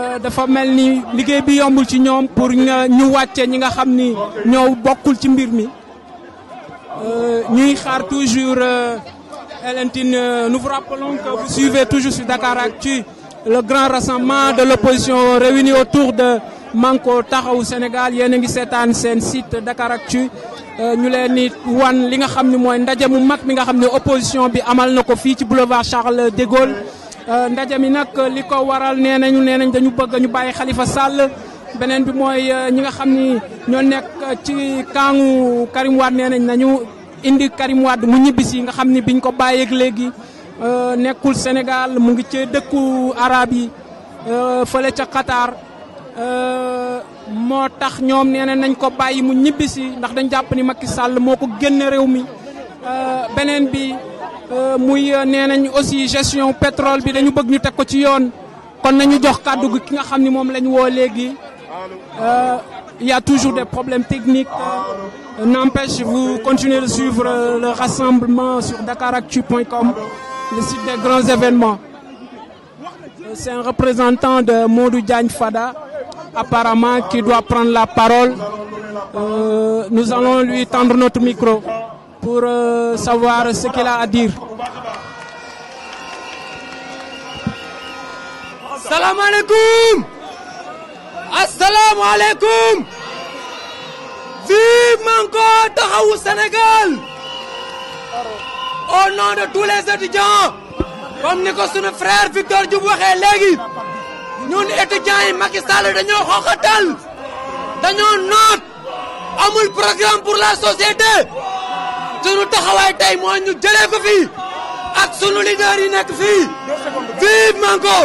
dafa mel ni liggéey bi yombul ci ñom pour ñu wàcce ñi nga xamni ni ñoo bokkul ci mbir mi euh, ñuy xaar toujours Elentine euh, euh, nous vous rappelons que vous suivez toujours sur Dakaractu le grand rassemblement de l'opposition réuni autour de Manko taxaw Sénégal yéen a ngi seetaan site Dakaractu ñu leen ni wan li nga xamni moy ndaje mu mag mi nga xamni opposition bi amal nako fi ci boulevard Charles de Gaulle Euh, ndaje mi nag euh, li ko waral nee nañu nee nañ dañu bëgg añu bàyyi Khalifa Sall beneen bi mooy euh, ñi nga xam ni ñoo nekk ci kàngu Karim Wade nee nañ nañu indi Karim Wade mu ñibbisi nga xam ni biñ ko bàyyeeg léegi nekkul Sénégal mu ngi ci dëkku arab yi fële ca Qatar moo tax ñoom nee nañ ko bàyyi mu ñibbisi ndax dañ jàpp ni Macky Sall moo ko génne réew mi beneen bi. Euh, muy euh, aussi gestion pétrole il euh, y a toujours des problèmes techniques n'empêche vous continuez de suivre le rassemblement sur dakaractu.com le site des grands événements c'est un représentant de Modou Diagne Fada apparemment qui doit prendre la parole nous allons lui tendre notre micro pour euh, savoir ce qu'il a à dire. Salaamaaleykum. Asalaamaaleykum. Vive Manko Taxawu Sénégal. Au nom de ni ko sunu frère Victor Diop waxee léegi. ñun étudiants yi dañoo xooxatal. dañoo noot. amul programme pour la société. sunu taxaway tay mo ñu la ko fi ak suñu leader yi nek vie vive Mango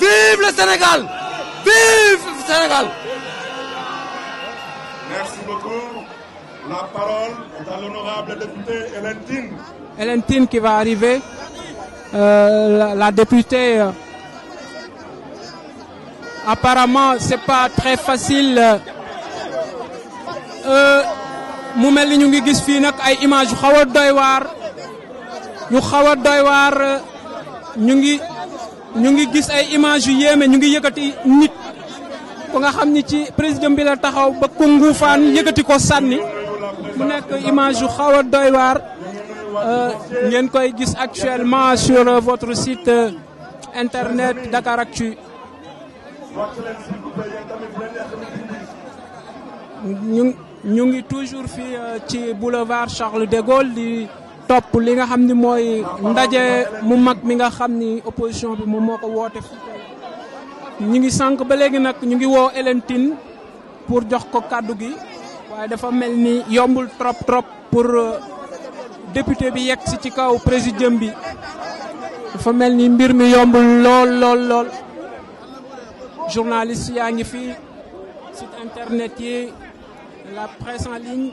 vive le Sénégal vive le Sénégal. Merci beaucoup. La parole est à l'honorable députée Hélène Tine. Hélène Tine qui va arriver. Euh, la, députée, Apparemment, euh, apparemment, c'est pas très facile. Euh, mu melni ñu ngi gis fi nak ay image yu a doy war yu xawa doy war ñu ngi ñu ngi gis ay image yu yéeme ñu ngi yëkëti nit ko nga xamni ci président bi la taxaw ba ko nguufaan yëkëti ko sanni mu nek image yu doy war euh, ngeen koy gis actuellement sur votre site internet actu ñu ñu ngi toujours fii euh, ci boulevard Charles de Gaulle di topp li nga xam ni mooy ndaje mu mag mi nga xam ni opposition bi moom moo ko woote fi ñu ngi sànq ba léegi nag ñu ngi woo Hélène pour jox ko kàddu gi waaye dafa mel ni yombul trop trop pour euh, député bi yegg si ci kaw président bi dafa mel ni mbir mi yombul lool lool lool journaliste yaa ngi fi site internet yi la presse en ligne,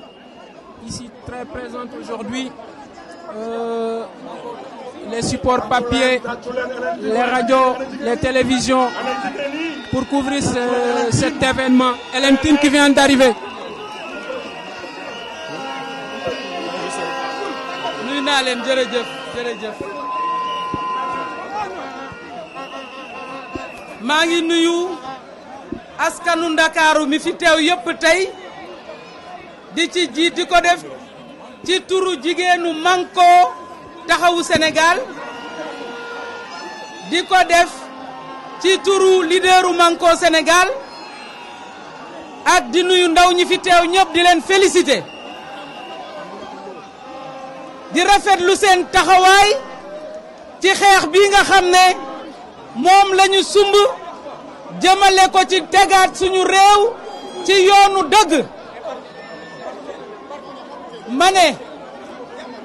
ici très présente aujourd'hui. Euh, les supports papier, les radios, les télévisions pour couvrir cet événement. Et Team qui vient d'arriver. maa ngi nuyu askanu di ci ji di ko def ci turu jigéenu Manko taxawu senegaal di ko def ci turu leaderu Manko senegaal ak di nuyu ndaw ñi fi teew ñëpp di leen félicité di rafetlu seen taxawaay ci xeex bi nga xam ne moom la ñu sumb jëmale ko ci tegaat suñu réew ci yoonu dëgg ma ne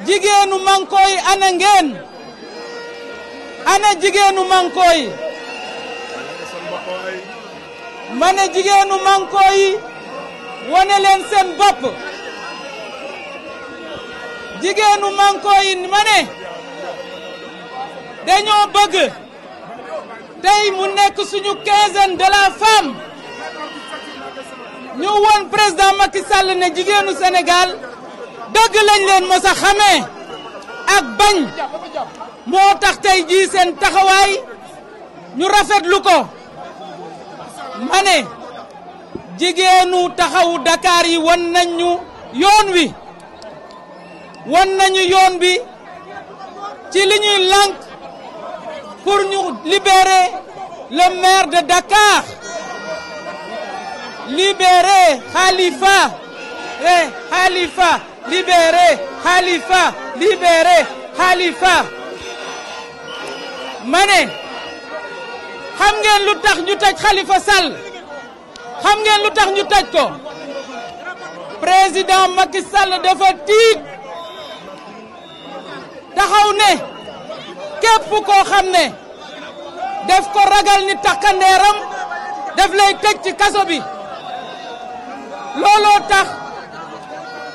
jigéenu Mankoy ana ngeen ana jigéenu Mankoy ma ne jigéenu Mankoy wane leen seen jigéenu Mankoy ma ne dañoo bëgg tey mu nekk suñu quinzaine de la ñu woon président Macky ne jigéenu Sénégal dëgg lañ leen mos xamee ak bañ moo tax tey jii seen taxawaay ñu rafet lu ko ma ne jigéenu taxawu Dakar yi wan nañ ñu yoon wi wan nañu yoon bi ci li ñuy lànk pour ñu libérer le de Dakar libérer Khalifa eh Khalifa libéré, Khalifa, libéré, Khalifa. Mané, ne xam ngeen lu tax ñu tej Khalifa Sall xam ngeen lu ñu tej ko président Macky Sall dafa tiit taxaw ne képp ko xam def ko ragal ni takkandeeram daf lay tej ci kaso bi tax.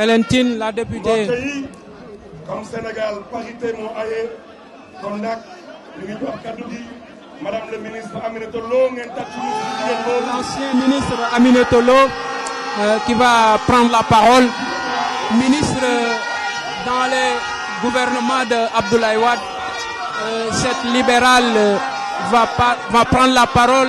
Elentine, la députée. comme Sénégal, parité mon aïe, Kondak, Madame le ministre Aminetolo, l'ancien ministre Aminetolo euh, qui va prendre la parole, ministre dans le gouvernement d'Abdoulaye Wade, euh, cette libérale euh, va, va prendre la parole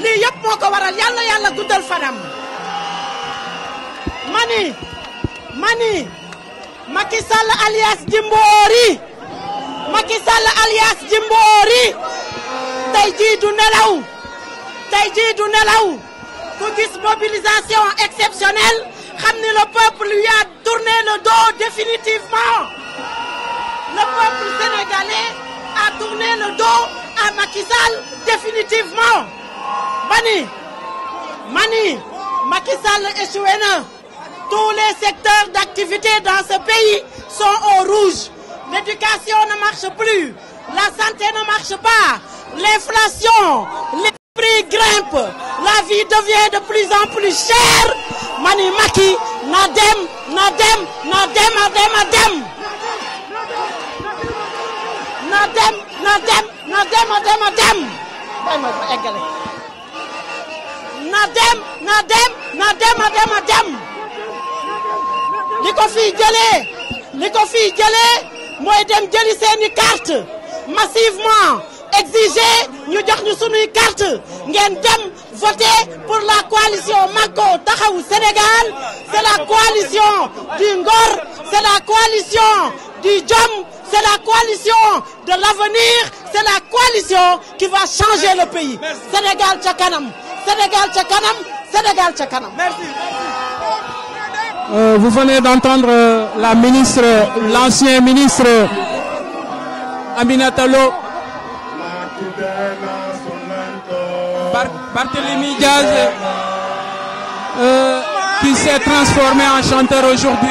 lii yëpp moko la waral yalla yalla guddal fanam mani mani Macky Sall alias Djimbory Macky Sall alias tu tay jii du nelaw tu n'es nelaw ku gis mobilisation exceptionnelle le peuple lui a tourné le dos définitivement le peuple sénégalais a tourné le dos à Macky définitivement mani mani Makisal et tous les secteurs d'activité dans ce pays sont au rouge l'éducation ne marche plus la santé ne marche pas l'inflation les prix grimpent la vie devient de plus en plus chère mani Maki, Nadem, Nadem, Nadem, Nadem, Nadem. Nadem, Nadem, Nadem, Nadem, Nadem. Nadem, nadem, nadem, dem na dem a dem Les dem moi ko fiy carte massivement exiger nous jox ñu une carte Nous dem voter pour la coalition mako Taxawu Sénégal c'est la coalition du ngor c'est la coalition du DJOM, c'est la coalition de l'avenir c'est la coalition qui va changer le pays Sénégal Tchakanam. Sénégal Tchakanam, kanam Sénégal ca kanam. merci. Euh, vous venez d'entendre euh, la ministre, l'ancien ministre Aminata Lo. Barthélémy Diaz, euh, qui s'est transformé en chanteur aujourd'hui.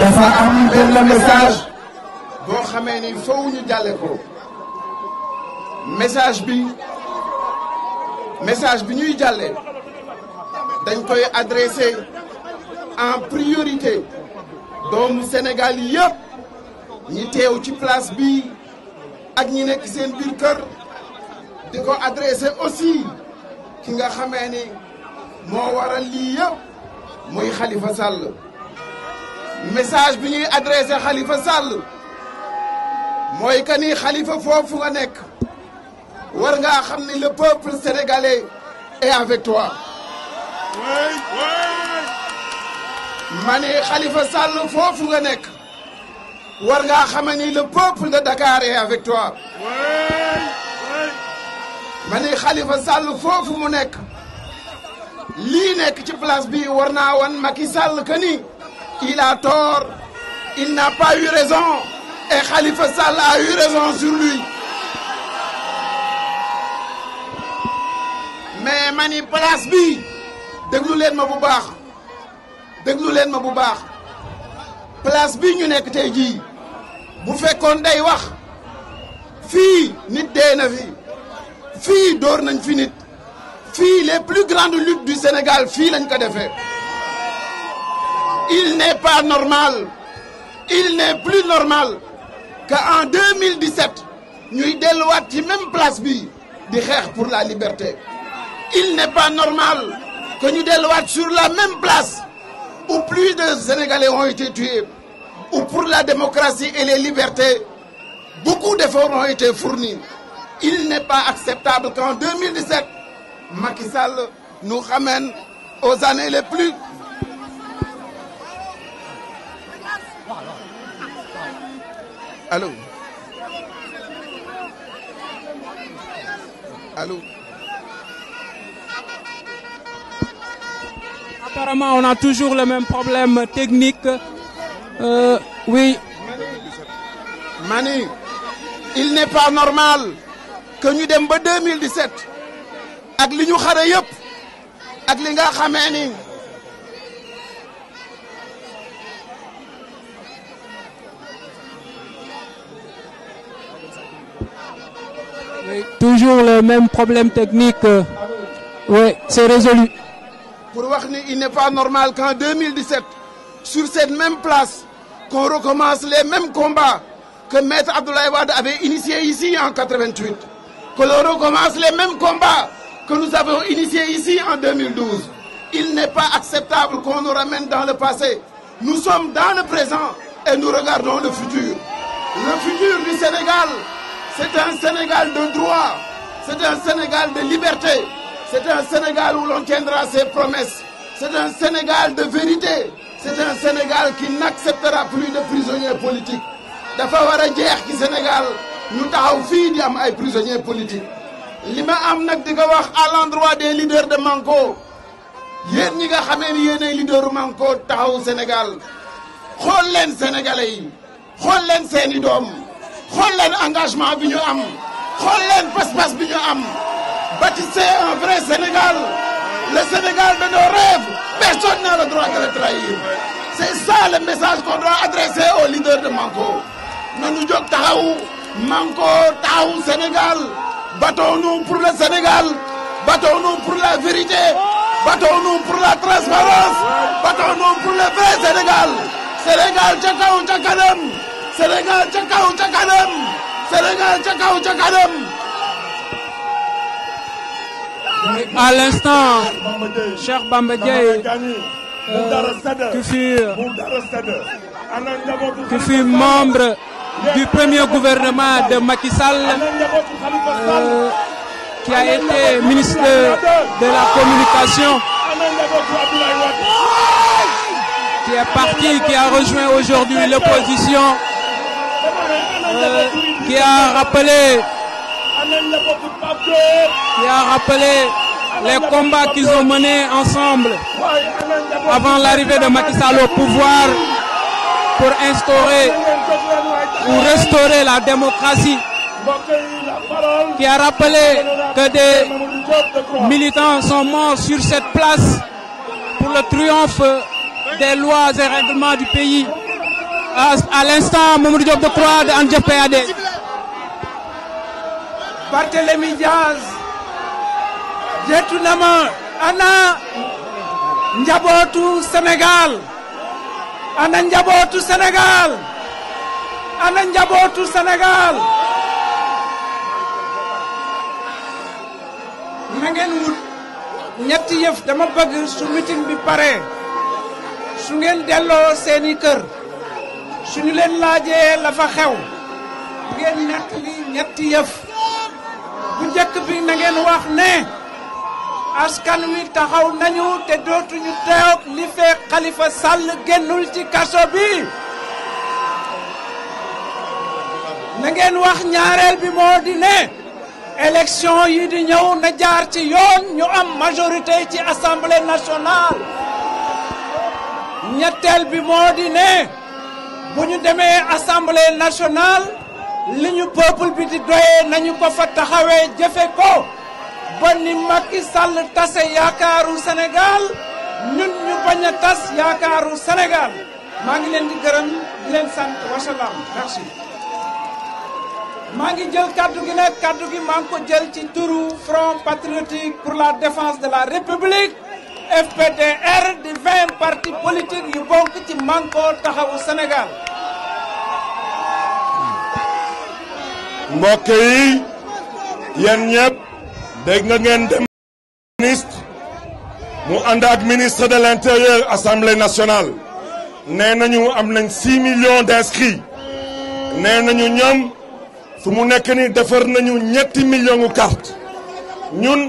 dafa am benn message boo xamee ni faw ñu jàlle ko message bi message bi ñuy jàlle dañ koy adressé en priorité doomu Sénégal yi yëpp ñi teew ci place bi ak ñi nekk seen biir kër di ko adressé aussi ki nga xamee ni moo waral lii yëpp muy Khalifa Sall message bi ñuy adressé xalifa Sall mooy que ni Khalifa foofu nga nekk war ngaa xam ni le peuple sénégalais est avec toi. ma ne Khalifa Sall foofu nga nekk war ngaa xame ni le peuple de Dakar est avec toi. ma ne Khalifa Sall foofu mu nekk lii nekk ci place bi war naa wan Macky Sall que ni. il a tort, il n'a pas eu raison, et Khalifa Sall a eu raison sur lui. mais mani place bi ma bu baax déglu ma bu baax place bi ñu fille bu wax fi fi les plus grandes luttes du Sénégal fille lañ ko il n'est pas normal, il n'est plus normal qu'en 2017, nous delluwaat ci même place bi di pour la liberté il n'est pas normal que nous lois sur la même place où plus de Sénégalais ont été tués où pour la démocratie et les libertés beaucoup d'efforts ont été fournis il n'est pas acceptable qu'en 2017 Macky Sall nous ramène aux années les plus Allô? Allô? Apparemment, on a toujours le même problème technique. Euh, oui. Mani, il n'est pas normal que nous, sommes en 2017 avec li nous xare avec ak Toujours le même problème technique. Euh, oui, c'est résolu. Pour voir il n'est pas normal qu'en 2017, sur cette même place, qu'on recommence les mêmes combats que Maître Abdoulaye Wad avait initiés ici en 88. Que l'on recommence les mêmes combats que nous avons initiés ici en 2012. Il n'est pas acceptable qu'on nous ramène dans le passé. Nous sommes dans le présent et nous regardons le futur. Le futur du Sénégal c'est un Sénégal de droit, c'est un Sénégal de liberté, c'est un Sénégal où l'on tiendra ses promesses, c'est un Sénégal de vérité, c'est un Sénégal qui n'acceptera plus de prisonniers politiques. Il war a jeex ci Sénégal nous avons fini des prisonniers politiques Ce que am veux à l'endroit des leaders de Manko yéen ñi nga des ni de ay au Manko Sénégal Regardez leen sénégalais yi xool leen engagement bi am un vrai Sénégal le Sénégal de nos rêves personne n'a le droit de le trahir c'est ça le message qu'on doit adresser aux leaders de Manco. Nous nous disons, Manko Sénégal battons-nous pour le Sénégal battons-nous pour la vérité battons-nous pour la transparence battons-nous pour le vrai Sénégal Sénégal chacun, chacun Sénégal ou Sénégal à l'instant cher Bamba tu euh, qui fut membre du premier gouvernement de Macky Sall euh, qui a été ministre de la communication qui est parti, qui a rejoint aujourd'hui l'opposition euh, qui a rappelé qui a rappelé les combats qu'ils ont menés ensemble avant l'arrivée de Macky Sall au pouvoir pour instaurer ou restaurer la démocratie qui a rappelé que des militants sont morts sur cette place pour le triomphe des lois et règlements du pays. à l'instant Mamadou Diop Decroix de And Jëf PAD. Barthélémy Diaz jeetuna ma ana njabootu Sénégal ana njabootu Sénégal ana njabootu Sénégal na ngeen wut ñetti yëf dama bëgg su bi pare su delloo seeni kër suñu leen laajee la fa xew ngeen nett li ñetti yëf bu njëkk bi na ngeen wax ne askan wi taxaw nañu te dootuñu teew li fee Khalifa Sall génnul ci kaso bi na ngeen wax ñaareel bi moo di ne élection yi di ñëw na jaar ci yoon ñu am majorité ci assemblée nationale ñetteel bi moo di ne bu ñu demee assemblée nationale li ñu peuple bi di doyee nañu ko fa taxawee jëfe ko ba ni Macky Sall tase yaakaaru Sénégal ñun ñu bañ tas yaakaaru Sénégal maa ngi leen di gërëm leen sant wasalaam merci. maa ngi jël kaddu gi nag kaddu gi maa ko jël ci turu Front Patriotique pour la Défense de la République. FPDR di vingt partis politiques yu bonk ci Manko Taxawu Sénégal mbokk yi yéen ñëpp deg nga ngeen dem ministre mu ànd ak ministre de l'intérieur assemblée nationale né nañu am nañ 6 millions d'inscrits né nañu ñom fu mu nekk ni defar nañu ñetti millions de cartes ñun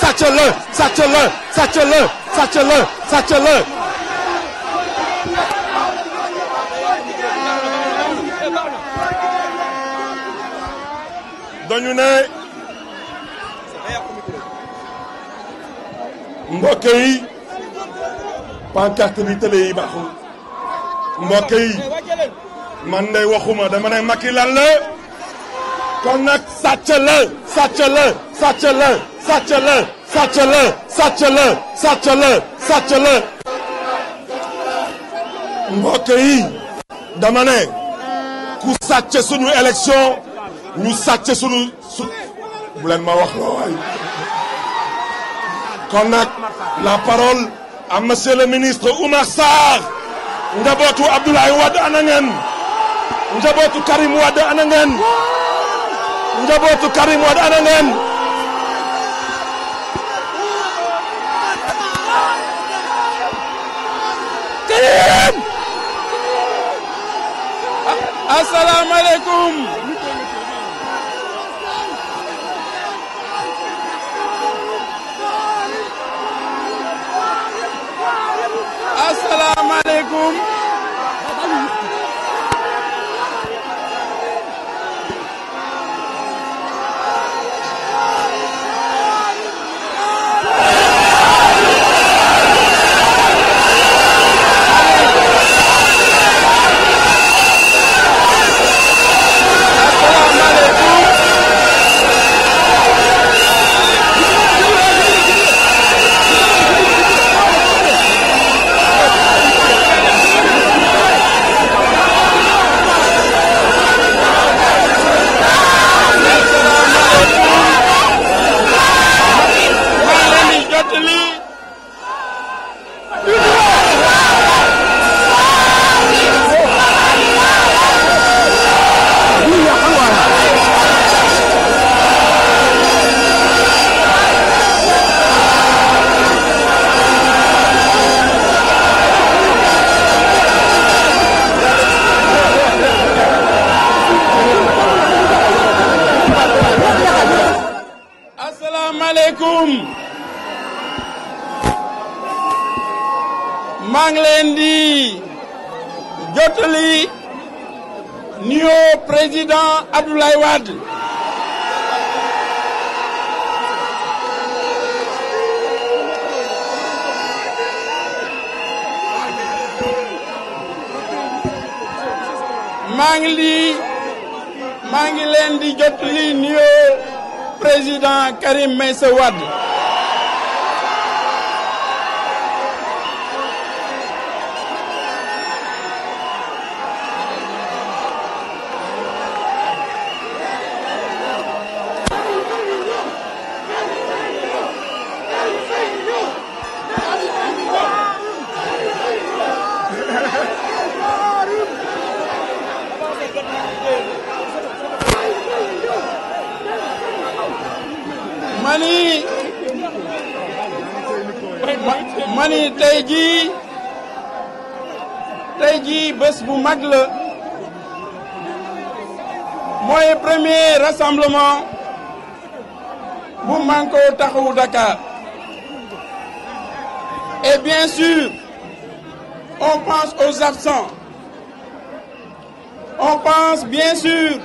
sàcc-le sàcc-le sàcc-le sàcc-le sàcc-le dañu ne bi télé yi waxuma dama ne Macky Sachez-le Sachez-le Sachez-le Satchelin, Satchelin, Satchelin, Satchelin. Mokéi, Damané, Kou Satché sous nous élection, Nous Satché sous nous... Vous l'aimez m'avoir l'oeil. Qu'on a la parole à Monsieur le ministre Omar Sarr. Nous avons tout Abdoulaye Ouad Anangen. Nous avons tout Karim Ouad Anangen. Karim njabootu Karim Wade ana ngeen Karim asalaamaaleykum asalaamaaleykum Abdoulaye Wade maa ngi leen di jot lii nuyoo président Karim Meïssa Wade ma ni tey bu premier rassemblement bu Manko Dakar et bien sûr on pense aux absents on pense bien sûr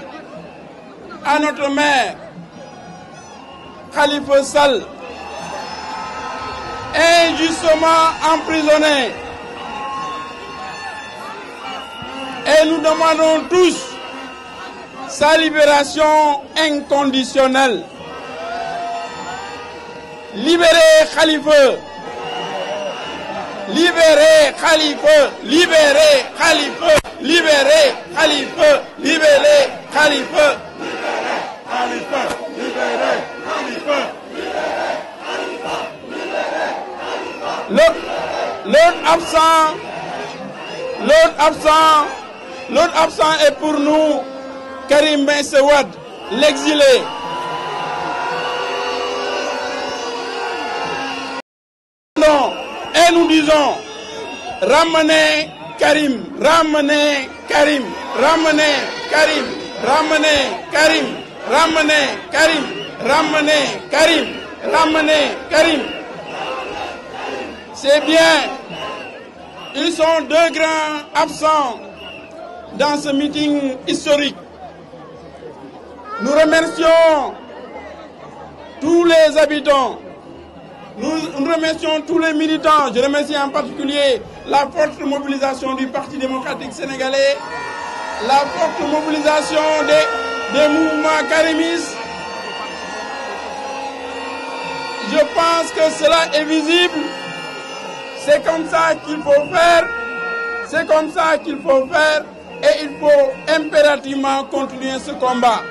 à notre maire Khalifa Sall injustement emprisonné Et nous demandons tous sa libération inconditionnelle. Libérez Khalifa Libérez Khalifa Libérez Khalifa Libérez Khalifa Libérez Khalifa Libérez L'autre absent, absent, absent est pour nous Karim Ben Sewad, l'exilé. Et nous disons, ramenez Karim, ramenez Karim, ramenez Karim, ramenez Karim, ramenez Karim, ramenez Karim, ramenez Karim. Ramenez Karim. C'est bien. Ils sont deux grands absents dans ce meeting historique. Nous remercions tous les habitants. Nous remercions tous les militants. Je remercie en particulier la forte mobilisation du Parti démocratique sénégalais, la forte mobilisation des, des mouvements carimistes. Je pense que cela est visible c'est comme ça qu'il faut faire. C'est comme ça qu'il faut faire. Et il faut impérativement continuer ce combat.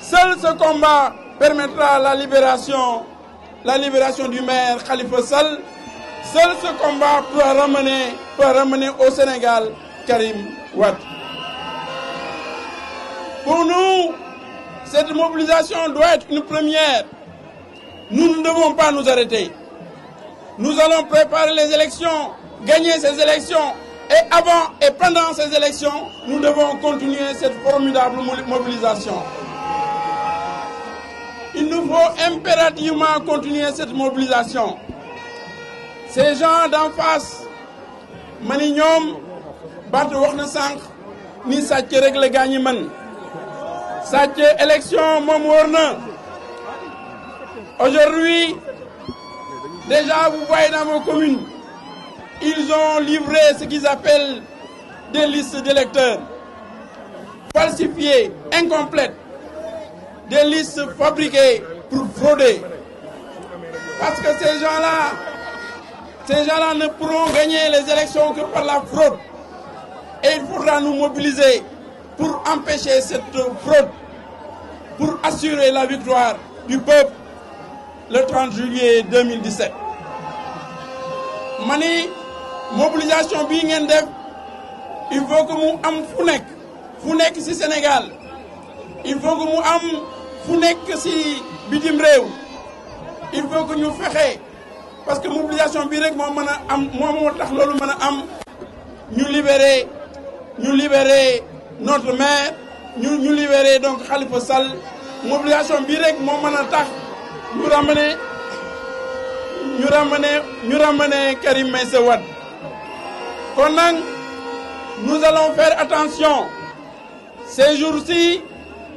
Seul ce combat permettra la libération, la libération du maire Khalifa Sall. Seul ce combat pourra ramener, ramener au Sénégal Karim Ouad. Pour nous, cette mobilisation doit être une première. Nous ne devons pas nous arrêter. Nous allons préparer les élections, gagner ces élections. Et avant et pendant ces élections, nous devons continuer cette formidable mobilisation. Il nous faut impérativement continuer cette mobilisation. Ces gens d'en face, Manignom, Bat ni Satye Regle Gagniman. Satye élection Mom Aujourd'hui, Déjà, vous voyez dans vos communes, ils ont livré ce qu'ils appellent des listes d'électeurs falsifiées, incomplètes, des listes fabriquées pour frauder. Parce que ces gens-là, ces gens-là ne pourront gagner les élections que par la fraude. Et il faudra nous mobiliser pour empêcher cette fraude, pour assurer la victoire du peuple le 30 juillet 2017 Mani, mobilisation bi def il faut que nous am fu nek fu Sénégal il faut que mu am fu si ci il faut que nous fexé parce que mobilisation bi rek mo suis am mo mo tax libérer ñu libérer notre maire nous ñu libérer donc Khalifa Sall mobilisation bi rek mo meuna tax nous ramener nous ramener ñu Karim Messewad. nous allons faire attention ces jours-ci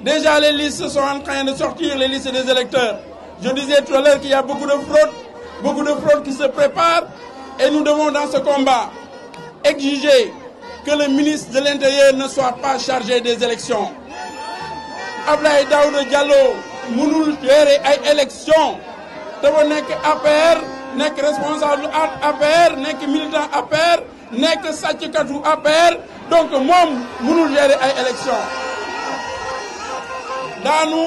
déjà les listes sont en train de sortir les listes des électeurs je disais tout à l'heure qu'il y a beaucoup de fraude beaucoup de fraude qui se préparent et nous devons dans ce combat exiger que le ministre de l'Intérieur ne soit pas chargé des élections Abdoulaye de Diallo mënul gérer ay élection dafa nekk APR nekk responsable APR nekk militant APR nekk sàcckatu APR donc nous mënul gérer ay élection daanu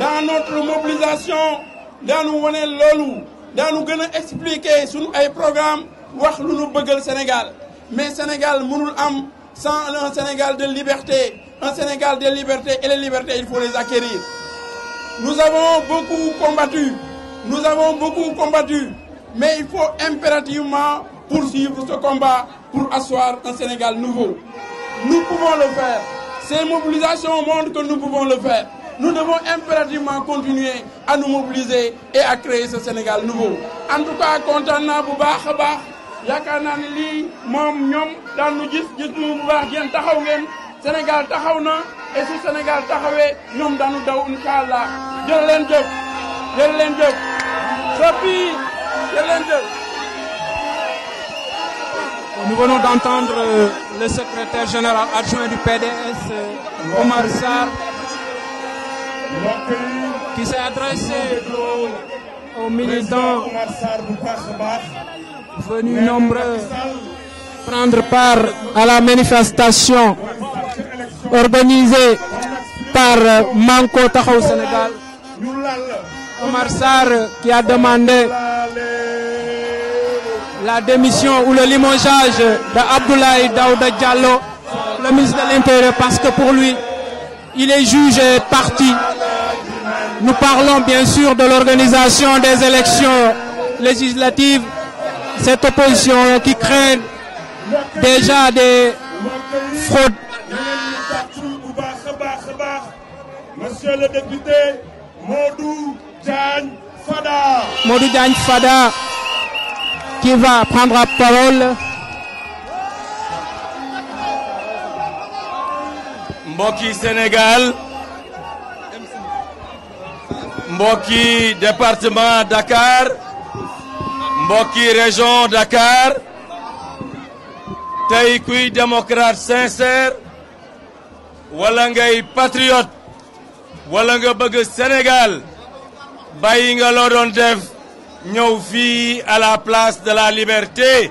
dans notre mobilisation daanu wane loolu daanu gën a expliquer sunu ay programme wax lu nu bëggal Sénégal mais Sénégal mënul am sans un Sénégal de liberté un Sénégal de liberté et les libertés il faut les acquérir nous avons beaucoup combattu. Nous avons beaucoup combattu. Mais il faut impérativement poursuivre ce combat pour asseoir un Sénégal nouveau. Nous pouvons le faire. Ces mobilisations montrent que nous pouvons le faire. Nous devons impérativement continuer à nous mobiliser et à créer ce Sénégal nouveau. En tout cas, Sénégal et si Sénégal taxawee ñoom dañu daw inshallah jël leen jëf jël leen jëf Sophie jël de jëf. Nous venons d'entendre euh, le secrétaire général adjoint du PDS, euh, Omar Sarr, qui s'est adressé aux militants venus nombreux prendre part à la manifestation organisé par euh, Manco au Sénégal. Omar Sarr euh, qui a demandé la démission ou le limogeage d'Abdoulaye Daouda Diallo, le ministre de l'Intérieur, parce que pour lui, il est juge parti. Nous parlons bien sûr de l'organisation des élections législatives. Cette opposition qui craint déjà des fraudes le député Modou Djan Fada. Modou Fada qui va prendre la parole. Mboki Sénégal, Mboki département Dakar, Mboki région Dakar, Taïkui démocrate sincère Walangai patriote wala nga bëgg Sénégal nga à la place de la liberté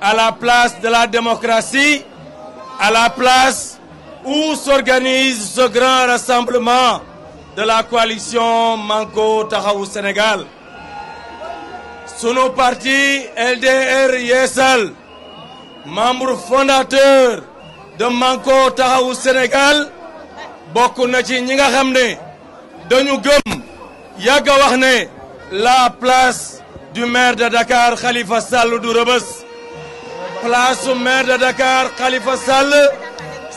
à la place de la démocratie à la place où s'organise ce grand rassemblement de la coalition Manko Tahaou Sénégal nos partis, LDR Yesl, membres fondateur de Manko Tahaou Sénégal la place du maire de Dakar Khalifa Sall du La place du maire de Dakar Khalifa Sall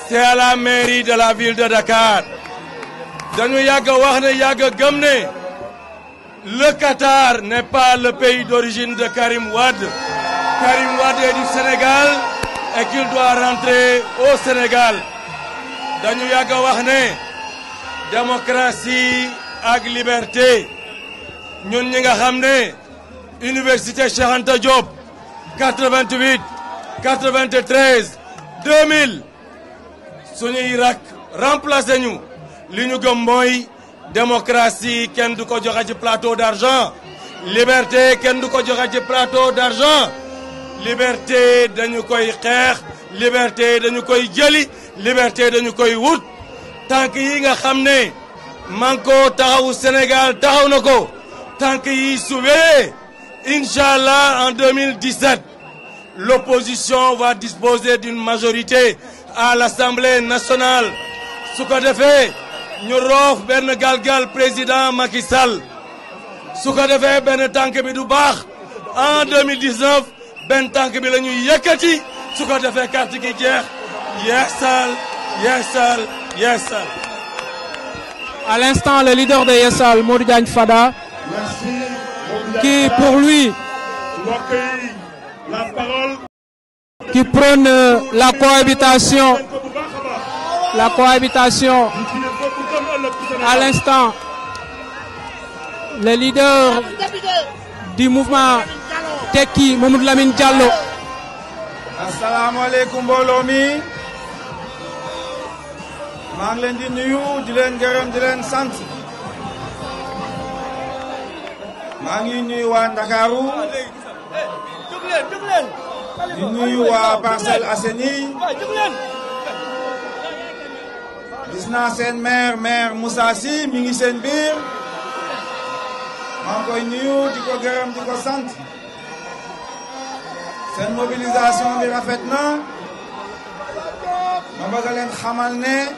c'est à la mairie de la ville de Dakar le Qatar n'est pas le pays d'origine de Karim Wade Karim Wade est du Sénégal et qu'il doit rentrer au Sénégal nous avons démocratie ak liberté nous sommes dit, université Cheikh Diop 88 93 2000 suñuy Irak remplace Nous l'union gomboy, gëm démocratie kenn du ko plateau d'argent liberté kenn du ko plateau d'argent liberté dañu koy xeex liberté dañu koy jëli liberté de koy wut qu'il yi nga xamné Tao, Manko Taxawu Sénégal taxaw Noko. Tant qu'il yi su Inshallah, en 2017 l'opposition va disposer d'une majorité à l'Assemblée nationale su ko defee ñu roof Benegalgal, galgal président Macky Sall su ko Ben benn bi du bax en 2019 Ben tank bi lañuy qu'on a su ko defee carte jeex Yes, sir. Yes, À l'instant, le leader de Yesal, Mouridian Fada, qui pour lui, la parole. qui prône euh, la cohabitation, la cohabitation. À l'instant, le leader du mouvement Teki, Mamoud Lamine Diallo. Assalamu alaikum, Bolomi maa leen di nuyu di leen gërëm di leen sant maa ngi nuyu waa Ndakaaru di nuyu waa parcelle Assainies gis naa seen maire maire Moussa Sy mi ngi seen koy nuyu di ko gërëm di ko sant seen mobilisation bi rafet na ma bëgg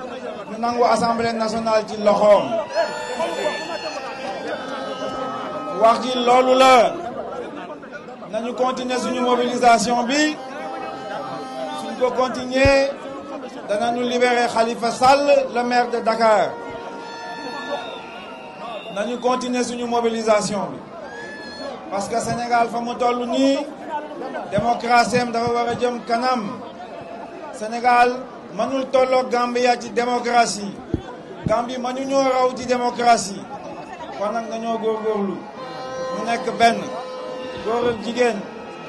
nous avons assemblée nationale ci loxoom wax ji lolou la nañu continuer mobilisation bi suñu ko continuer libérer Khalifa Sall le maire de Dakar Nous continuons une mobilisation parce que Sénégal fa mu toll démocratie am Sénégal manul tolo Gambia ci démocratie Gambie manu ñoo raw ci démocratie kon nag nañoo góorgóorlu ñu nek ben góor ak jigéen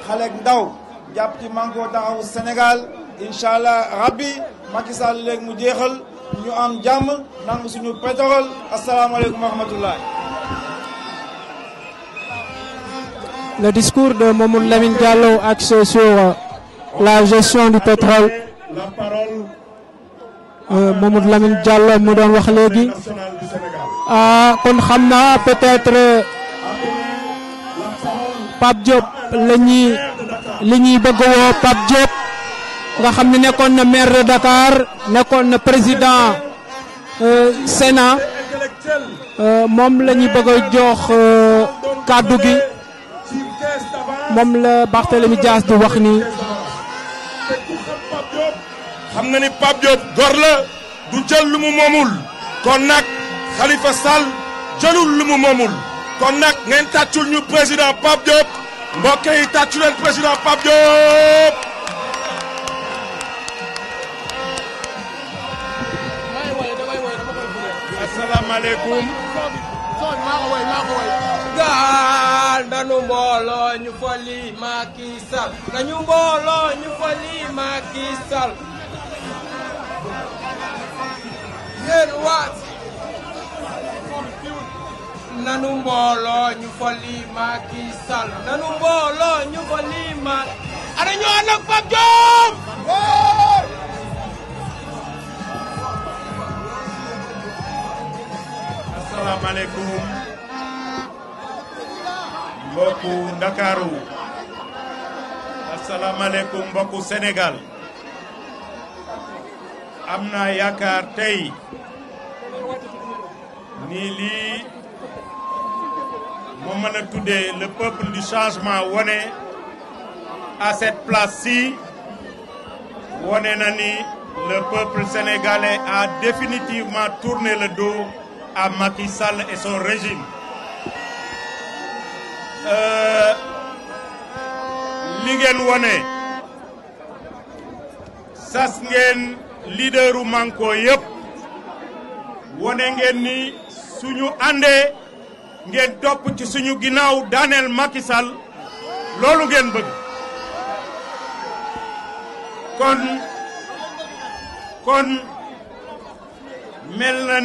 xale ak ndaw japp ci mango Taxawu Sénégal inshallah rabbi Macky Sall léegi mu jéxal ñu am jamm nang suñu pétrole assalamu wa rahmatullah Le discours de Mamoun Lamine Diallo axé sur la gestion du pétrole Euh, Mamadou Lamine Diallo mu doon wax léegi ah kon xam naa peut-être euh, Pape Diop ñuy li ñuy bëgg woo Pape Diop nga xam ne nekkoon na maire de Dakar nekkoon na président euh, Sénat moom lañuy ñuy bëgg jox kàddu gi moom la Barthélémy Dias di wax nii. xam na ni Pape Diop gor du jël lu mu moomul kon nag Khalifa Sall jëlul lu mu moomul kon nag ngeen tàccul ñu président Pape Diop mbokk yi tàccu leen président Pape Diop. asalaamaaleykum. gaal ñu fali Macky Sall nañu mbooloo ñu fali Macky Sall yéen waat nanu mbooloo ñu fa lii Macky Sall nanu mbooloo ñu fa lii Macky Ndakaaru asalaamaaleykum mbokku Sénégal Amna Yakartei Nili ni le peuple du changement woné à cette place-ci le peuple sénégalais a définitivement tourné le dos à Macky et son régime euh, li ou Manko yep, Wonengeni, ngeen ni suñu top ngeen topp ci suñu lolo Daniel Macky Sall bëgg kon kon melna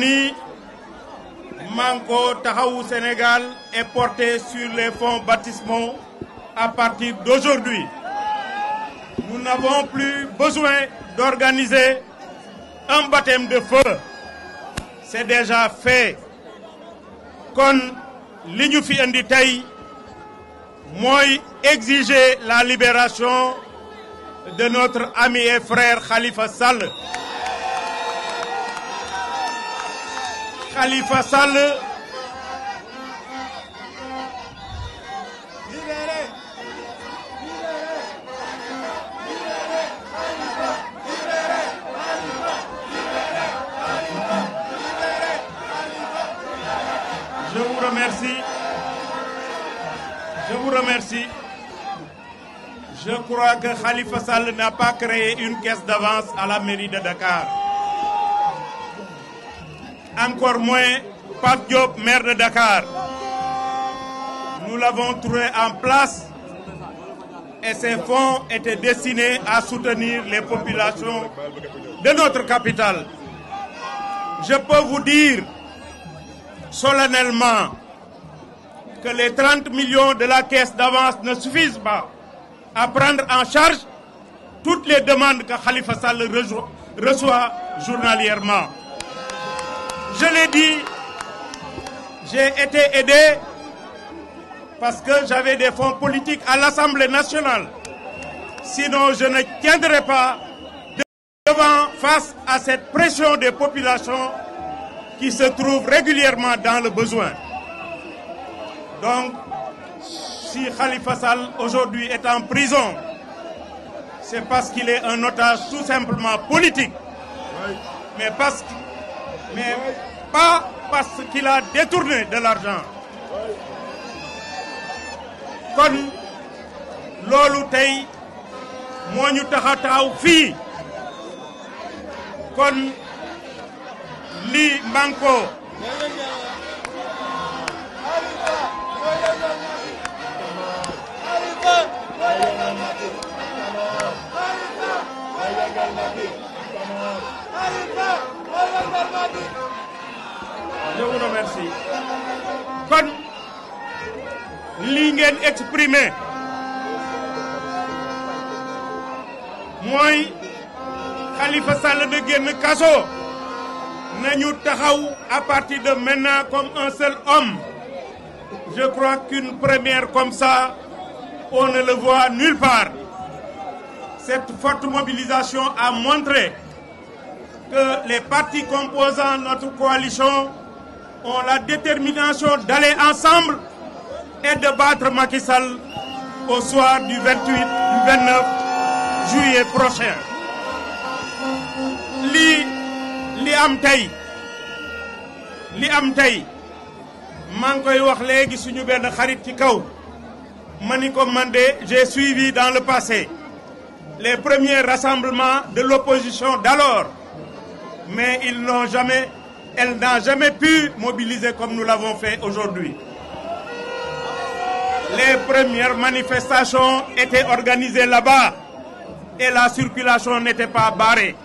Manko Sénégal est porté sur les fonds baptismaux à partir d'aujourd'hui. Nous n'avons plus besoin d'organiser un baptême de feu c'est déjà fait kon Lignoufi en détail, moi, exiger la libération de notre ami et frère Khalifa Sall Khalifa Sall Khalifa Sall n'a pas créé une caisse d'avance à la mairie de Dakar. Encore moins Pape Diop, maire de Dakar. Nous l'avons trouvé en place et ces fonds étaient destinés à soutenir les populations de notre capitale. Je peux vous dire solennellement que les 30 millions de la caisse d'avance ne suffisent pas à prendre en charge toutes les demandes que Khalifa Sall reçoit journalièrement. Je l'ai dit, j'ai été aidé parce que j'avais des fonds politiques à l'Assemblée nationale. Sinon, je ne tiendrai pas devant face à cette pression des populations qui se trouvent régulièrement dans le besoin. Donc, si Khalifa Sal aujourd'hui est en prison, c'est parce qu'il est un otage tout simplement politique, mais, parce, pas parce qu'il a détourné de l'argent. kon loolu tay kon li Manko. Je vous remercie. Quand lii exprimé... Moi, Khalifa Sall de génn à partir de maintenant comme un seul homme je crois qu'une première comme ça on ne le voit nulle part. Cette forte mobilisation a montré que les partis composant notre coalition ont la détermination d'aller ensemble et de battre Macky Sall au soir du 28, du 29 juillet prochain. Li, li li Manicomandé, j'ai suivi dans le passé les premiers rassemblements de l'opposition d'alors, mais ils n'ont jamais, elle n'a jamais pu mobiliser comme nous l'avons fait aujourd'hui. Les premières manifestations étaient organisées là-bas et la circulation n'était pas barrée.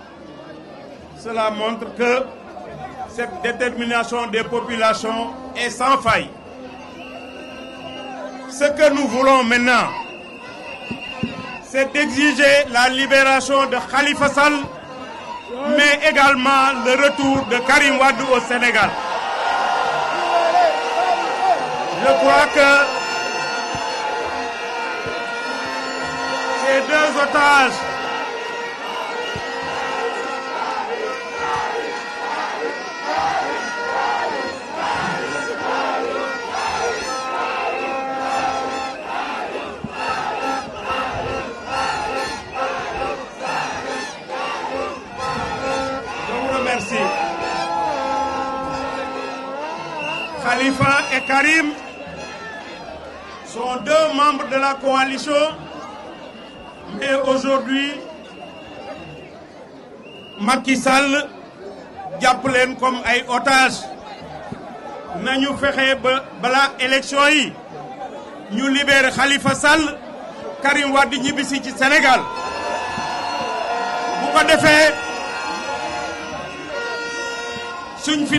Cela montre que cette détermination des populations est sans faille. Ce que nous voulons maintenant, c'est exiger la libération de Khalifa Sall, mais également le retour de Karim Wadou au Sénégal. Je crois que ces deux otages Khalifa et Karim sont deux membres de la coalition, mais aujourd'hui, Macky Sall comme un otages Nous avons ba Nous élection yi Khalifa Sall Karim Wadi Nibisi du Sénégal bu ko fait, si fi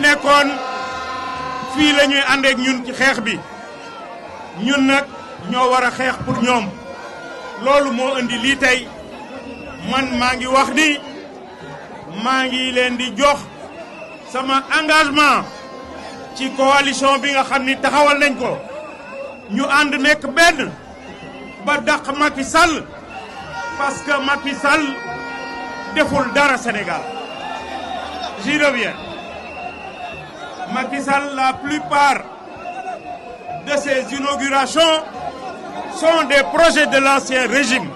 fi lañuy ñuy ak ñun ci xeex bi ñun nak ño wara a pour ñom loolu mo andi li tay man maangi wax ni maangi leen di jox sama engagement ci coalition bi nga xamni taxawal nañ ko ñu and nek ben ba dàq Macky Sall parce que Macky Sall deful dara Sénégal j'y reviens Macky la plupart de ces inaugurations sont des projets de l'ancien régime,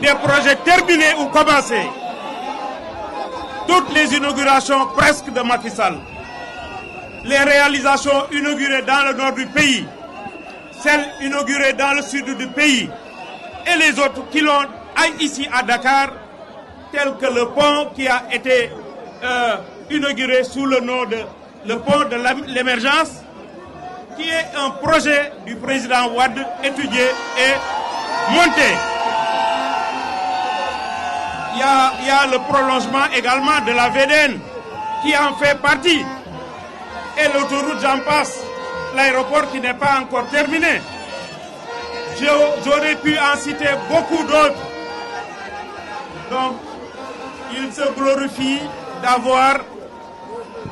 des projets terminés ou commencés. Toutes les inaugurations presque de Macky les réalisations inaugurées dans le nord du pays, celles inaugurées dans le sud du pays et les autres qui l'ont ici à Dakar, tels que le pont qui a été euh, inauguré sous le nom de le pont de l'émergence, qui est un projet du président Ouad étudié et monté. Il y, a, le prolongement également de la VDN qui en fait partie. Et l'autoroute, j'en passe, l'aéroport qui n'est pas encore terminé. J'aurais pu en citer beaucoup d'autres. Donc, il se glorifie d'avoir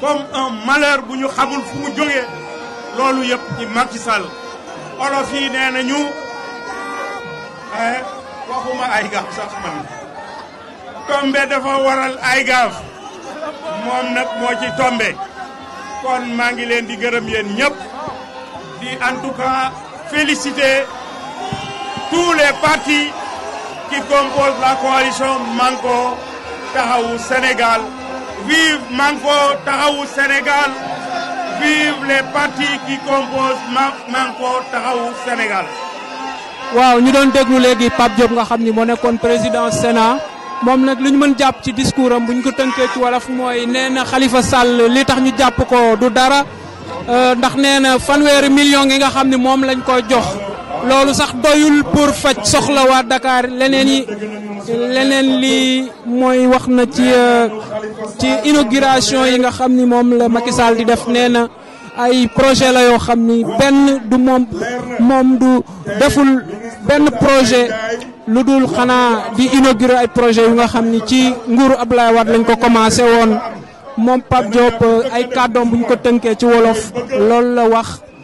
comme un malheur bu xamul fu mu loolu ci Macky Sall olof yi nee hein, waxuma ay waral ay kon ngi di en tout cas féliciter tous les partis qui composent la coalition Manko Taxawu Sénégal vive Manko Taxawu Sénégal vive les partis qui composent Manko Taxawu Sénégal. waaw ñu doon déglu léegi Pape Diop nga xam ni moo nekkoon président Sénat moom nag lu ñu mën jàpp ci discours bu ñu ko tënkee ci fu mooy nee na Khalifa Sall li tax ñu jàpp ko du dara euh, ndax nee na fanweeri million yi nga xam ni moom lañ ko jox. loolu sax doyul pour fajj soxla wa Dakar leneen yi leneen li moy waxna ci euh, ci inauguration yi nga xamni mom la Macky Sall di def neena ay projet la yo xamni ben du mom mom du deful ben projet ludul xana di inaugurer ay projet yu nga xamni ci nguru ablaye wat lañ ko commencé won mom pap Diop euh, ay cadeau buñ ko teunké ci wolof la wax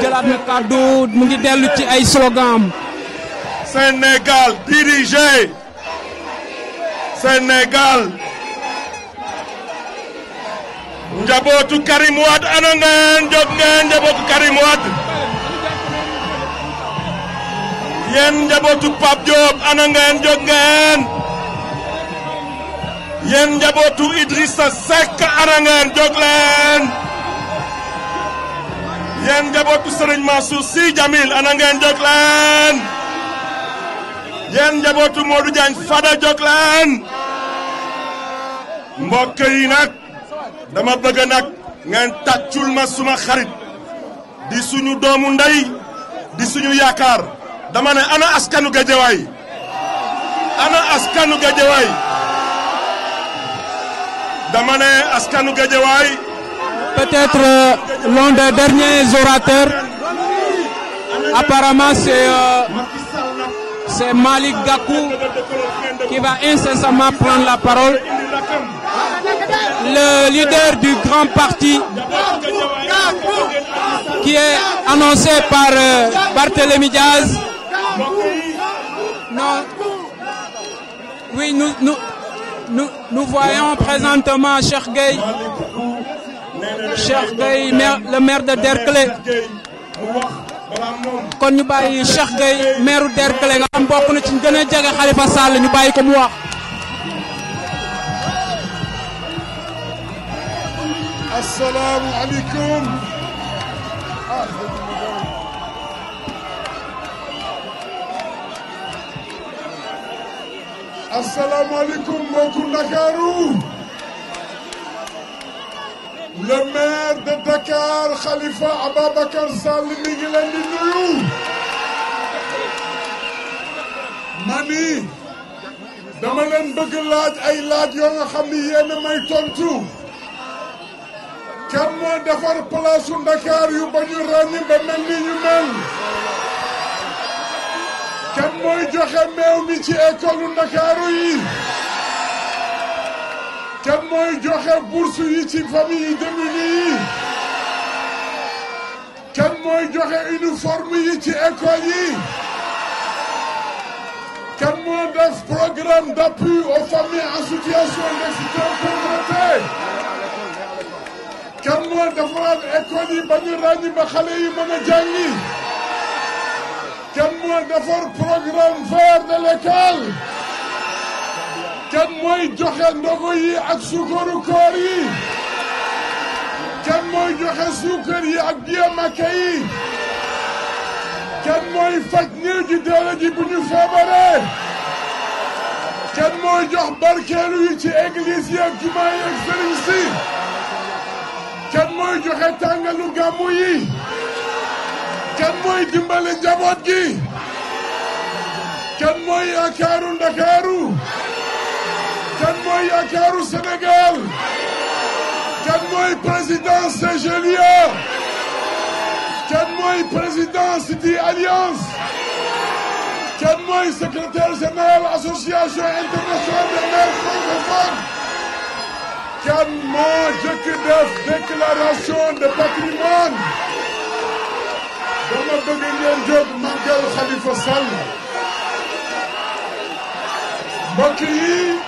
jëlaat na kàddu mu ngi dellu ci ay slogan Sénégal dirigé Sénégal njabootu Karim Wade ana ngeen jóg ngeen njabootu Karim Wade yen njabootu Pape Diop ana ngeen Idrissa Seck ana ngeen jóg yéen njabootu Serigne Mansour Sy Djamil ana ngeen jóg leen yéen njabootu Modou Diagne Fada jóg leen mbokk dama bëgg nag ngeen tàccul ma suma xarit di suñu doomu nday di suñu yaakaar dama ne ana askanu Géejawaay ana askanu Géejawaay dama ne askanu Géejawaay peut-être euh, l'un des derniers orateurs. Apparemment, c'est euh, Malik Gakou qui va incessamment prendre la parole. Le leader du grand parti qui est annoncé par euh, Barthélémy Diaz. Oui, nous, nous, nous, voyons présentement cher Gay Cheikh Gueye maire le maire de Derklé kon ñu bàyyi Cheikh Gueye maire Derklé nga xam bokk na ci gën a jege Khalifa Sall ñu bàyyi ko mu wax. asalaamualeykum. asalaamualeykum mbokku Ndakaaru. le maire de Dakar Khalifa Ababacar Sall mi ngi nuyu. mani dama leen bëgg laaj ay laaj yoo nga xam may tontu. kan moo defar palaasu Dakar yu ba ñu ràññi ba mel ni ñu mel. kan mooy joxe meew mi ci école Ndakaaru yi. kan moy joxe bourse yi ci famille de démunies yi kan joxe uniforme yi ci école yi kan def programme d'appui aux familles en situation de pauvreté kan moo defaraat école yi ba ñu ba xale yi mën a jàngi programme vert de l'école kan mooy joxe ndogu yi ak suukaru koor yi kan mooy joxe suukar yi ak biya makka yi kan mooy faj néew ji doole ji bu ñu feebaree kan mooy jox barkeelu yi ci église yi ak jumaa yi mooy joxe tàngalu gàmmu yi kan mooy dimbale njaboot gi kan mooy yaakaaru Ndakaaru moi Yakar au Sénégal quel président CGLIA quel président City Alliance Quel secrétaire général association internationale des maires francophones moi je déclaration de patrimoine de Khalifa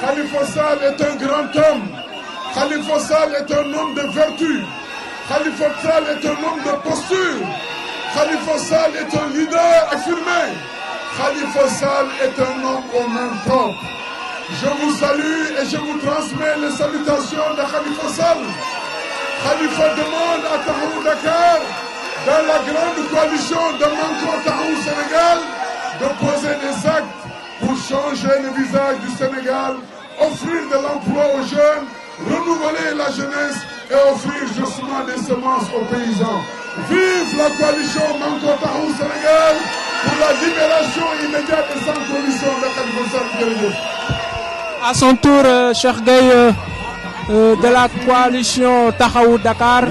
Khalifa Sall est un grand homme. Khalifa Sall est un homme de vertu. Khalifa Sall est un homme de posture. Khalifa Sall est un leader affirmé. Khalifa Sall est un homme au même temps. Je vous salue et je vous transmets les salutations de Khalifa Sall. Khalifa demande à Tahou Dakar, dans la grande coalition de Manco Tahou Sénégal, de poser des actes pour changer le visage du Sénégal, offrir de l'emploi aux jeunes, renouveler la jeunesse et offrir justement des semences aux paysans. Vive la coalition Manco Sénégal pour la libération immédiate et sans condition de la À son tour, euh, cher Gueye, euh, euh, de la coalition Tahaou Dakar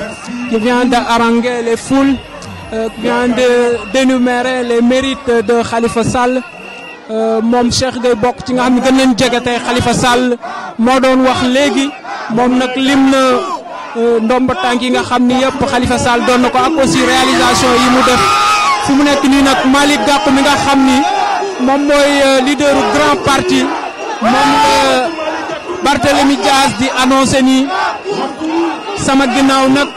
qui vient d'arranger les foules, qui vient de dénumérer les mérites de Khalifa Sall. Euh, moom Cheikh Gueye bokk ci nga xam ne gën leen jege tey Khalifa Sall moo doon wax léegi moom nag lim na euh, ndomba tànk yi nga xam ni yëpp xalifa Sall doon na ko ak aussi réalisation yi mu def fi mu nekk nii nag Malick Gakou mi nga xam ni moom mooy euh, leaderu grand parti moom Barthélemy di annoncé nii sama ginnaaw nag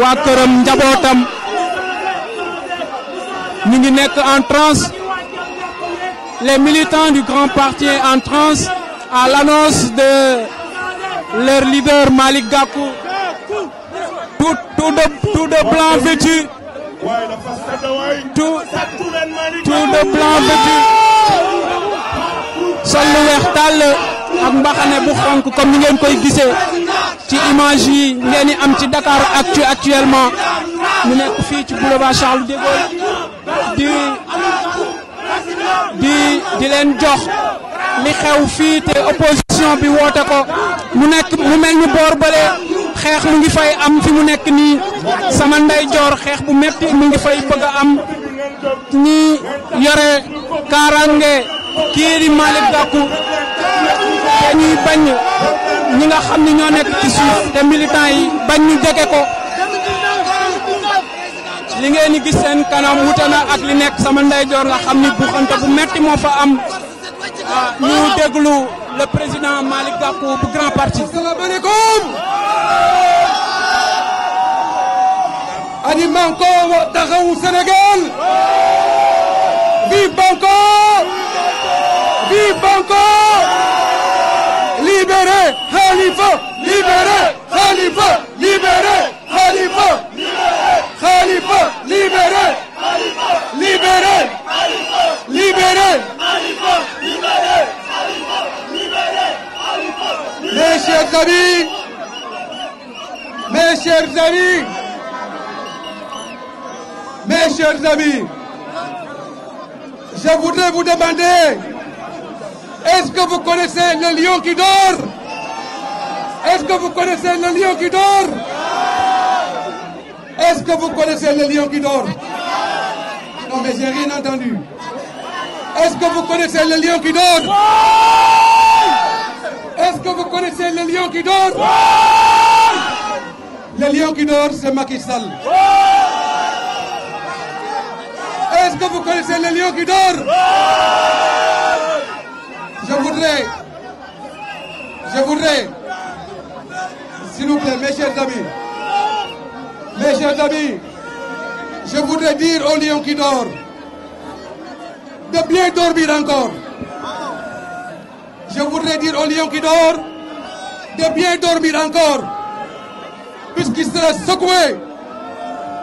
waa këram njabootam ñu ngi nekk en transe les militants du Grand Parti en transe à l'annonce de leur leader Malik Gakou. Tout, tout, de, tout de blanc vêtu. Tout, tout de blanc vêtu. Seul, comme ni ngeen koy gisee ci image sommes Dakar actu actuellement ñu nekk fii ci boulevard Charles de Gaulle di di leen jox li xew fii te opposition bi woote ko mu nekk mu mel ni boor bële xeex mu ngi fay am fi mu nekk nii sama ndeyjoor xeex bu metti mu ngi fay bëgg a am ñi yore kaaraange kii di Malick Gakou ñuy bañ ñi nga xam ne ñoo nekk ci suuf te militant yi bañ ñu jege ko. li ngeen di gis seen kanam wute na ak li nekk sama ndeyjoor nga xam ni buuxante bu metti moo fa am ah, ñu déglu le président Malick Gakou bu grand parti. asalaamaaleykum. ani manko wa Sénégal. vive banko. vive banko. libéré Khalifa. libéré Khalifa. libéré Khalifa. Khalifa libéré Libéré Libéré Mes chers amis, mes chers amis, mes chers amis, je voudrais vous demander, est-ce que vous connaissez le lion qui dort Est-ce que vous connaissez le lion qui dort est-ce que vous connaissez le lion qui dort Non, mais j'ai rien entendu. Est-ce que vous connaissez le lion qui dort Est-ce que vous connaissez le lion qui dort Le lion qui dort, c'est Macky Sall. Est-ce que vous connaissez le lion qui dort Je voudrais, je voudrais, s'il vous plaît, mes chers amis, mes chers amis, je voudrais dire au lion qui dort de bien dormir encore. Je voudrais dire au lion qui dort de bien dormir encore, puisqu'il sera secoué,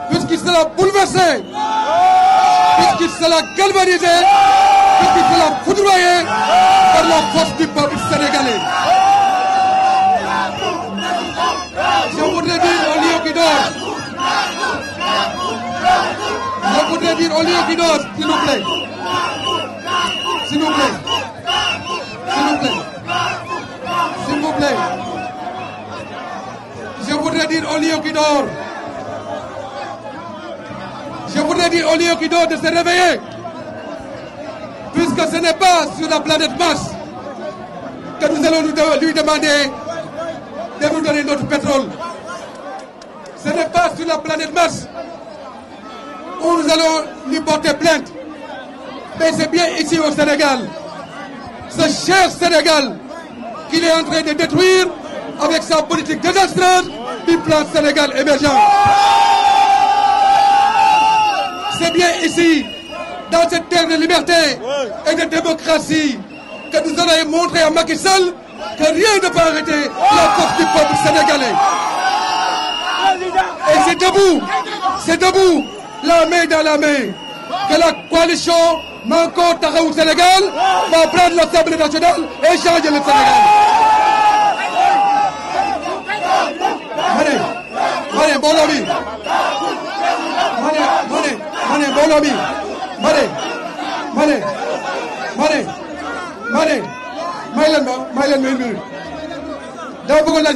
puisqu'il sera bouleversé, puisqu'il sera galvanisé, puisqu'il sera foudroyé par la force du peuple sénégalais. Je voudrais dire au lion qui dort je voudrais dire au lieu qui dort, s'il vous plaît. S'il vous plaît. S'il vous plaît. plaît. Je voudrais dire au lieu qui dort. Je voudrais dire au lieu qui dort de se réveiller. Puisque ce n'est pas sur la planète Mars que nous allons lui demander de nous donner notre pétrole. Ce n'est pas sur la planète Mars où nous allons lui porter plainte. Mais c'est bien ici au Sénégal. Ce cher Sénégal qu'il est en train de détruire avec sa politique désastreuse du plan Sénégal émergent. C'est bien ici, dans cette terre de liberté et de démocratie, que nous allons montrer à Macky Sall que rien ne peut arrêter la force du peuple sénégalais. Et c'est debout, c'est debout, la main dans la main, que la coalition Manco au Sénégal va prendre l'Assemblée nationale et changer le Sénégal. Allez, allez, bon ami. Allez, allez, bon ami. Allez, allez,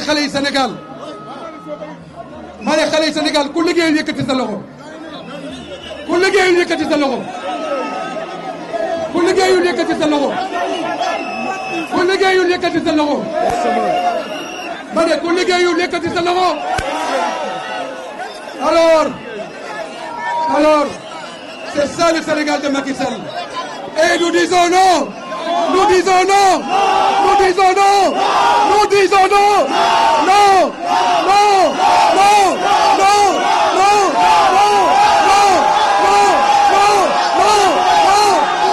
allez, Sénégal. مالي خالي سنغال كل جاي يكتي سلوغو كل جاي يكتي سلوغو كل جاي يكتي سلوغو كل جاي يكتي سلوغو مالي كل جاي يكتي سلوغو alors alors c'est سنغال le Sénégal de Macky Sall et nous disons non Nous disons non Nous disons non Nous disons non Non Non Non Non Non Non Non Non Non Non Non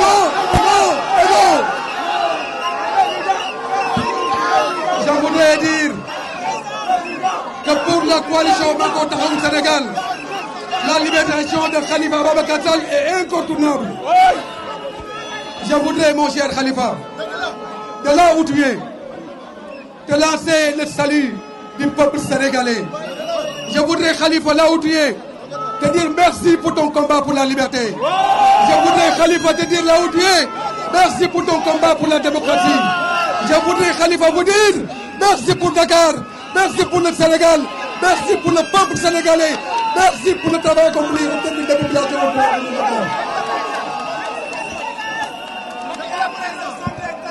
Non Non Non Je voudrais dire que pour la coalition Non. Non. Sénégal, la libération de Khalifa Non. est incontournable. Je voudrais, mon cher Khalifa, de là où tu es, te lancer le salut du peuple sénégalais. Je voudrais, Khalifa, là où tu es, te dire merci pour ton combat pour la liberté. Je voudrais, Khalifa, te dire là où tu es, merci pour ton combat pour la démocratie. Je voudrais, Khalifa, vous dire merci pour Dakar, merci pour le Sénégal, merci pour le peuple sénégalais, merci pour le travail accompli au de la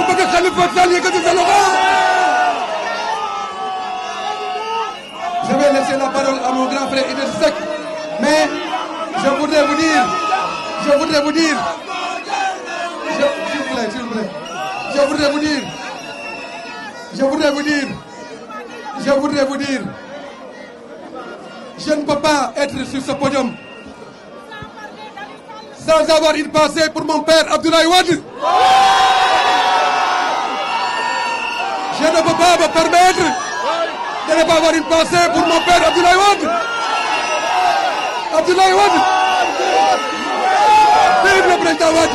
je vais laisser la parole à mon grand frère Idriss mais je voudrais vous dire je voudrais vous dire je je voudrais vous dire je voudrais vous dire je voudrais vous dire je ne peux pas être sur ce podium sans avoir une pensée pour mon père Abdoulaye Wade. Je ne peux pas me permettre de ne pas avoir une pensée pour mon père Abdoulaye Wade. Abdoulaye Wade. Vive le président Wade.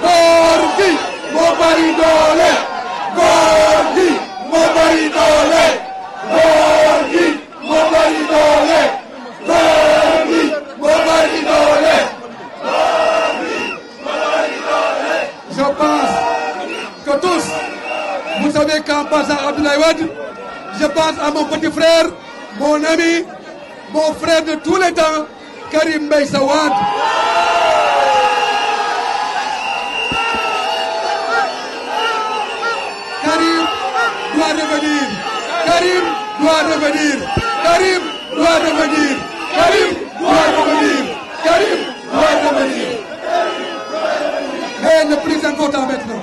Gordi, mon mari d'olé. Gordi, mon mari d'olé. Gordi, mon mari d'olé. tous. Vous savez qu'en passant à Abdoulaye Wad, je pense à mon petit frère, mon ami, mon frère de tous les temps, Karim doit revenir Karim doit revenir. Karim doit revenir. Karim doit revenir. Karim doit revenir. Karim doit revenir. Et ne plus important maintenant.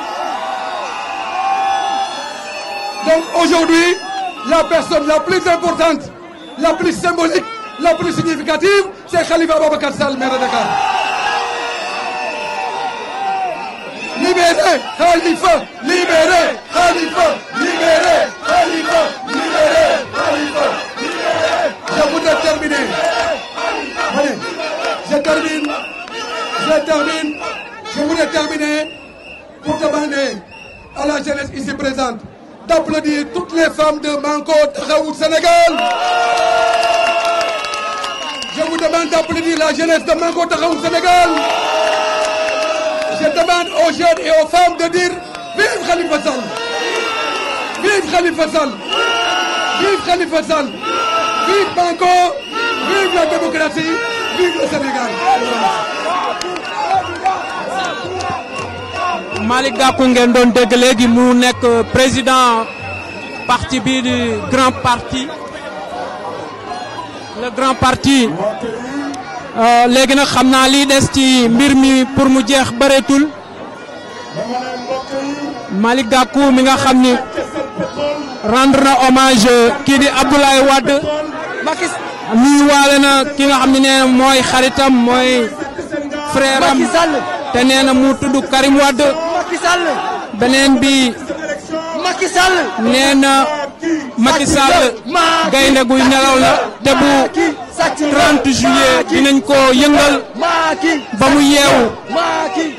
Donc aujourd'hui, la personne la plus importante, la plus symbolique, la plus significative, c'est Khalifa Babacar Sall, maire de Dakar. Libérez Khalifa, libérez Khalifa, libérez Khalifa, libérez Khalifa, libérez Je voudrais terminer. Allez, je termine, je termine, je voudrais terminer pour demander à la jeunesse ici présente d'applaudir toutes les femmes de Manco Raoult, Sénégal. Je vous demande d'applaudir la jeunesse de Manco Raoult, Sénégal. Je demande aux jeunes et aux femmes de dire Vive Khalifa Sall Vive Khalifa Sall Vive Khalifa Sall Vive Manco Vive la démocratie Vive le Sénégal Malick Gakou ngeen doon dégg léegi mu nekk président parti bii di grand parti le grand parti euh, léegi nag xam naa lii des ci mbir mi pour mu jeex bëreetul Malick Gakou mi nga xam ni rendre na hommage kii di Abdoulaye Wade nuyu waale ki nga xam ne nee mooy xaritam mooy frère am te nee mu tudd Karim Wade Makisal, Sall beneen bi Makisal, Sall nee na Macky Sall gaynde guy nelaw la te bu 30 juillet dinañ ko yëngal ba mu yeewu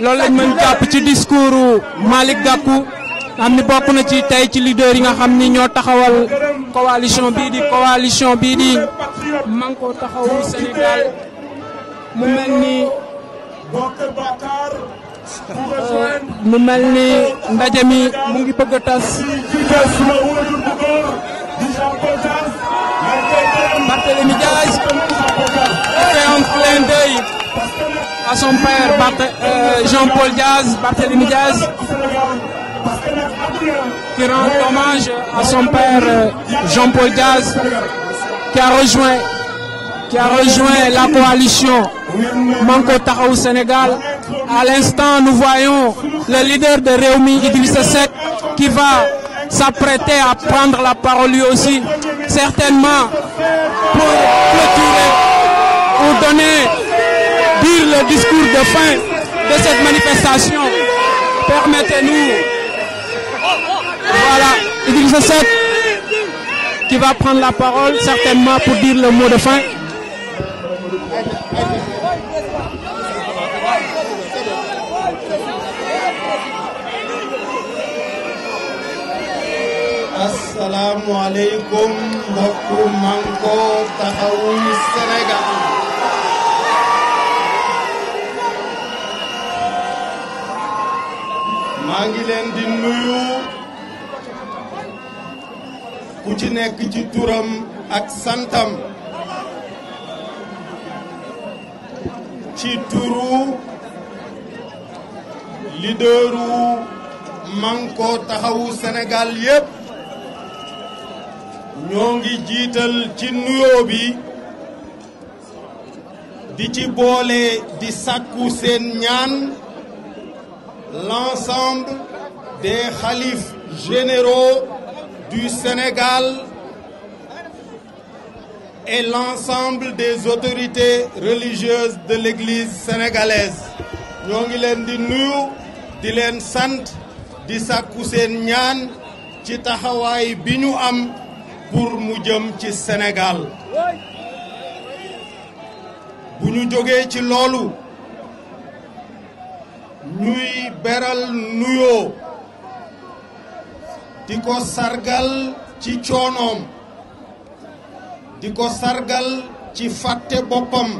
loolu lañ mën jàpp ci discoursu Malick Gakou na ci ci leader yi nga taxawal coalition di coalition di Taxawu mu Euh, mu mel ni ndaje mi mu ngi bëgg a tas. Barthélémy Diaz fait un clin d'œil à son père Barthé euh, Jean-Paul Diaz, Barthélémy Diaz, qui rend hommage à son père euh, Jean-Paul Diaz, qui a rejoint, qui a rejoint la coalition Manco Taxaw Sénégal. À l'instant, nous voyons le leader de Réumi, Idrissa qui va s'apprêter à prendre la parole lui aussi, certainement pour clôturer pour donner, dire le discours de fin de cette manifestation. Permettez-nous. Voilà, Idrissa qui va prendre la parole certainement pour dire le mot de fin. asalaamualeykum mbokku manko taxawu Sénégal maa ngi leen di nuyu ku ci nekk ci turam ak santam ci turu leaderu manko taxawu Sénégal yépp Nous avons ci nuyo bi di l'ensemble des khalifes généraux du Sénégal et l'ensemble des autorités religieuses de l'Église sénégalaise Nous len di di sant di sakku ñaan ci pour mu jëm ci Sénégal bu ñu jógee ci loolu ñuy beral nuyoo di ko sargal ci coonoom di ko sargal ci fàtte boppam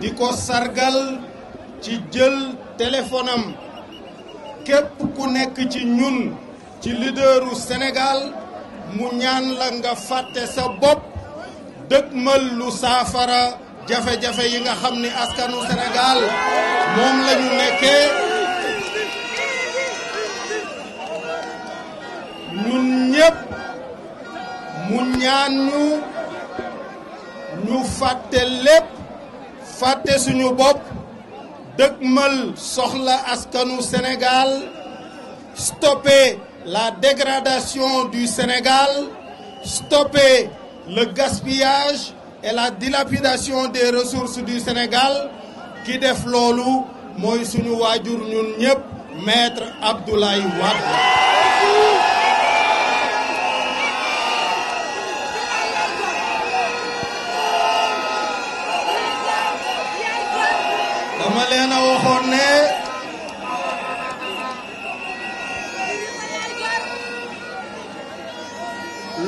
di ko sargal ci jël téléphonam képp ku nekk ci ñun ci leaderu Sénégal mu ñaan la nga fàtte sa bopp dëgmal lu saafara jafe-jafe yi nga xam ni askanu Sénégal moom la nekkee ñun ñépp mu ñaan ñu ñu fàtte lépp fàtte suñu bopp dëgmal soxla askanu Sénégal stoppé la dégradation du Sénégal, stopper le gaspillage et la dilapidation des ressources du Sénégal qui déflore loolu mooy suñu maître Abdoulaye Wade.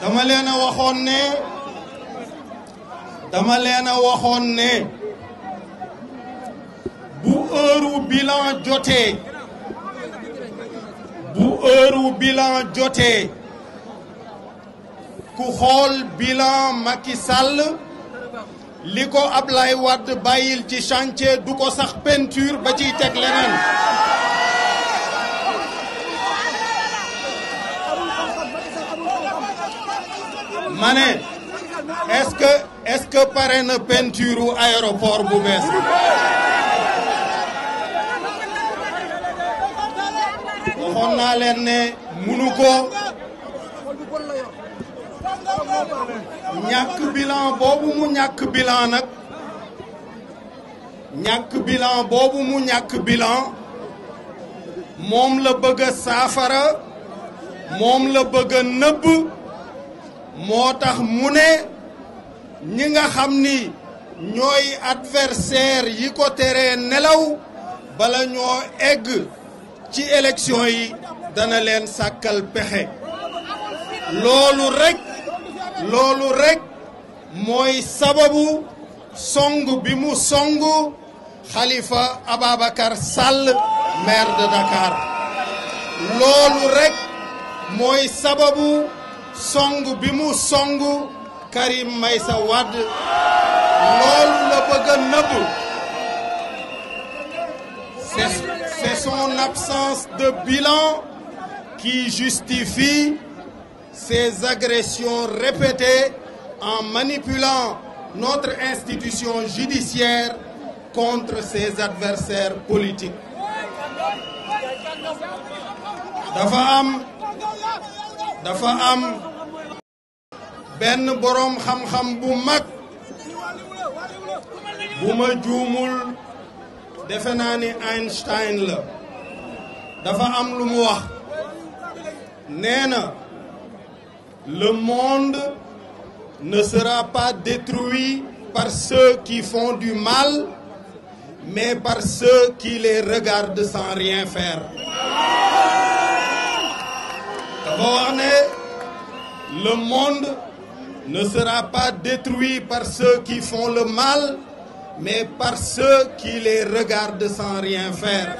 dama leen a waxoon ne dama leen a waxoon ne bu heure bilan jotee bu heure bilan jotee ku xool bilan Macky li ko Ablaye Wade bàyyil ci chantier du ko sax peinture ba ciy teg leneen. ma ne est-ce que est-ce que pare na peinture u aéroport bu bees waxoon naa leen ne munu ko ñàkk bilan boobu mu ñàkk bilan nag ñàkk bilan boobu mu bilan moom la bëgg a saafara moom la bëgg a moo tax mu ne ñi nga xam ni ñooy adversaire yi ko teree nelaw bala ñoo egg ci élection yi dana leen sàkkal pexe loolu rekk loolu rekk mooy sababu song bi mu song xalifa Ababacar sàll maire de Dakar loolu rekk mooy sababu songu Karim c'est son absence de bilan qui justifie ces agressions répétées en manipulant notre institution judiciaire contre ses adversaires politiques dafa am Ben Borom xam-xam bu mag bu ma Einstein la dafa am lu mu wax le monde ne sera pas détruit par ceux qui font du mal mais par ceux qui les regardent sans rien faire le monde ne sera pas détruit par ceux qui font le mal mais par ceux qui les regardent sans rien faire.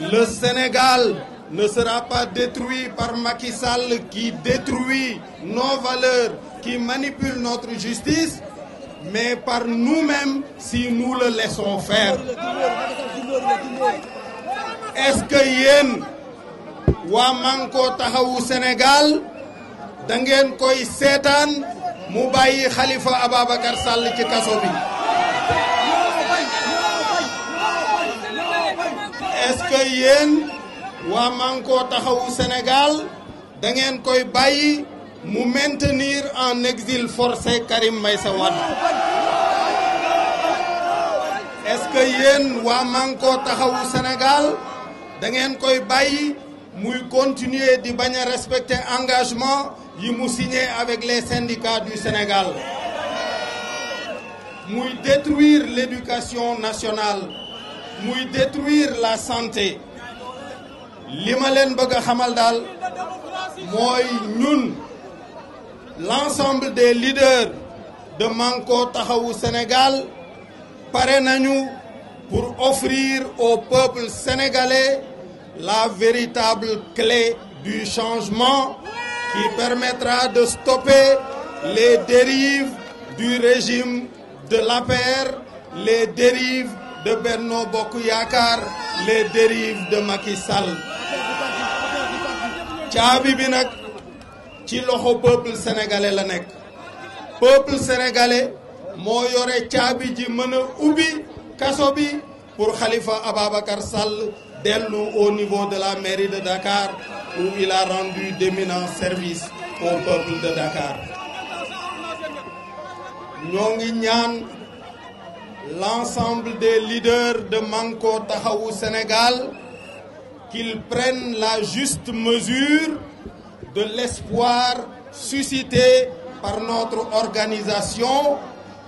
Le Sénégal ne sera pas détruit par Macky Sall qui détruit nos valeurs, qui manipule notre justice, mais par nous-mêmes si nous le laissons faire. Est-ce que Yen waa Manko Taxawu Sénégal da ngeen koy seetaan mu bàyyi Khalifa Ababacar Sall ci kaso bi est-ce que yéen waa Manko Taxawu Sénégal da ngeen koy bàyyi mu maintenir en exil forcé Karim Meïssa Wade est-ce que yéen waa Manko Taxawu Sénégal da ngeen koy bàyyi Nous continuer de respecter engagement il nous signé avec les syndicats du Sénégal Nous détruire l'éducation nationale Nous détruire la santé li Boga Hamaldal, moi, l'ensemble des leaders de Manko Taxawu Sénégal à nous pour offrir au peuple sénégalais la véritable clé du changement qui permettra de stopper les dérives du régime de la paire, les dérives de Berno Bokuyakar, les dérives de Macky Sall. caabi bi peuple sénégalais la peuple sénégalais moi y aurait ji kasobi pour Khalifa Ababakar Sall nous au niveau de la mairie de Dakar où il a rendu d'éminents services au peuple de Dakar l'ensemble des leaders de Manko Tahaou Sénégal qu'ils prennent la juste mesure de l'espoir suscité par notre organisation,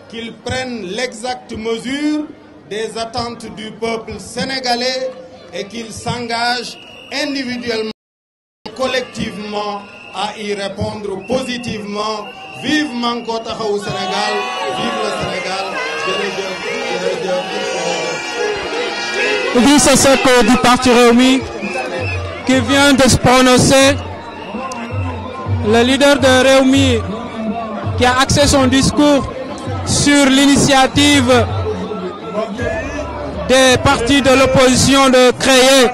qu'ils prennent l'exacte mesure des attentes du peuple sénégalais et qu'ils s'engagent individuellement, collectivement à y répondre positivement. Vive Manko au Sénégal, vive le Sénégal. Oui, c'est ce que du parti Réumi qui vient de se prononcer. Le leader de Réumi qui a axé son discours sur l'initiative Partie partis de l'opposition de créer,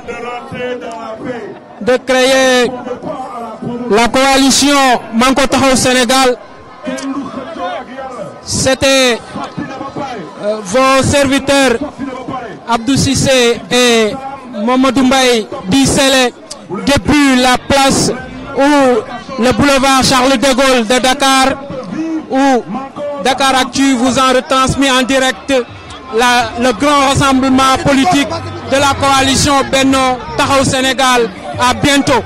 de créer la coalition Manko au Sénégal. C'était euh, vos serviteurs Abdou Sissé et Mamadou Mbaye Dissele depuis la place où le boulevard Charles de Gaulle de Dakar où Dakar Actu vous en retransmet en direct le grand rassemblement politique de la coalition Benno Tahao Sénégal. À bientôt.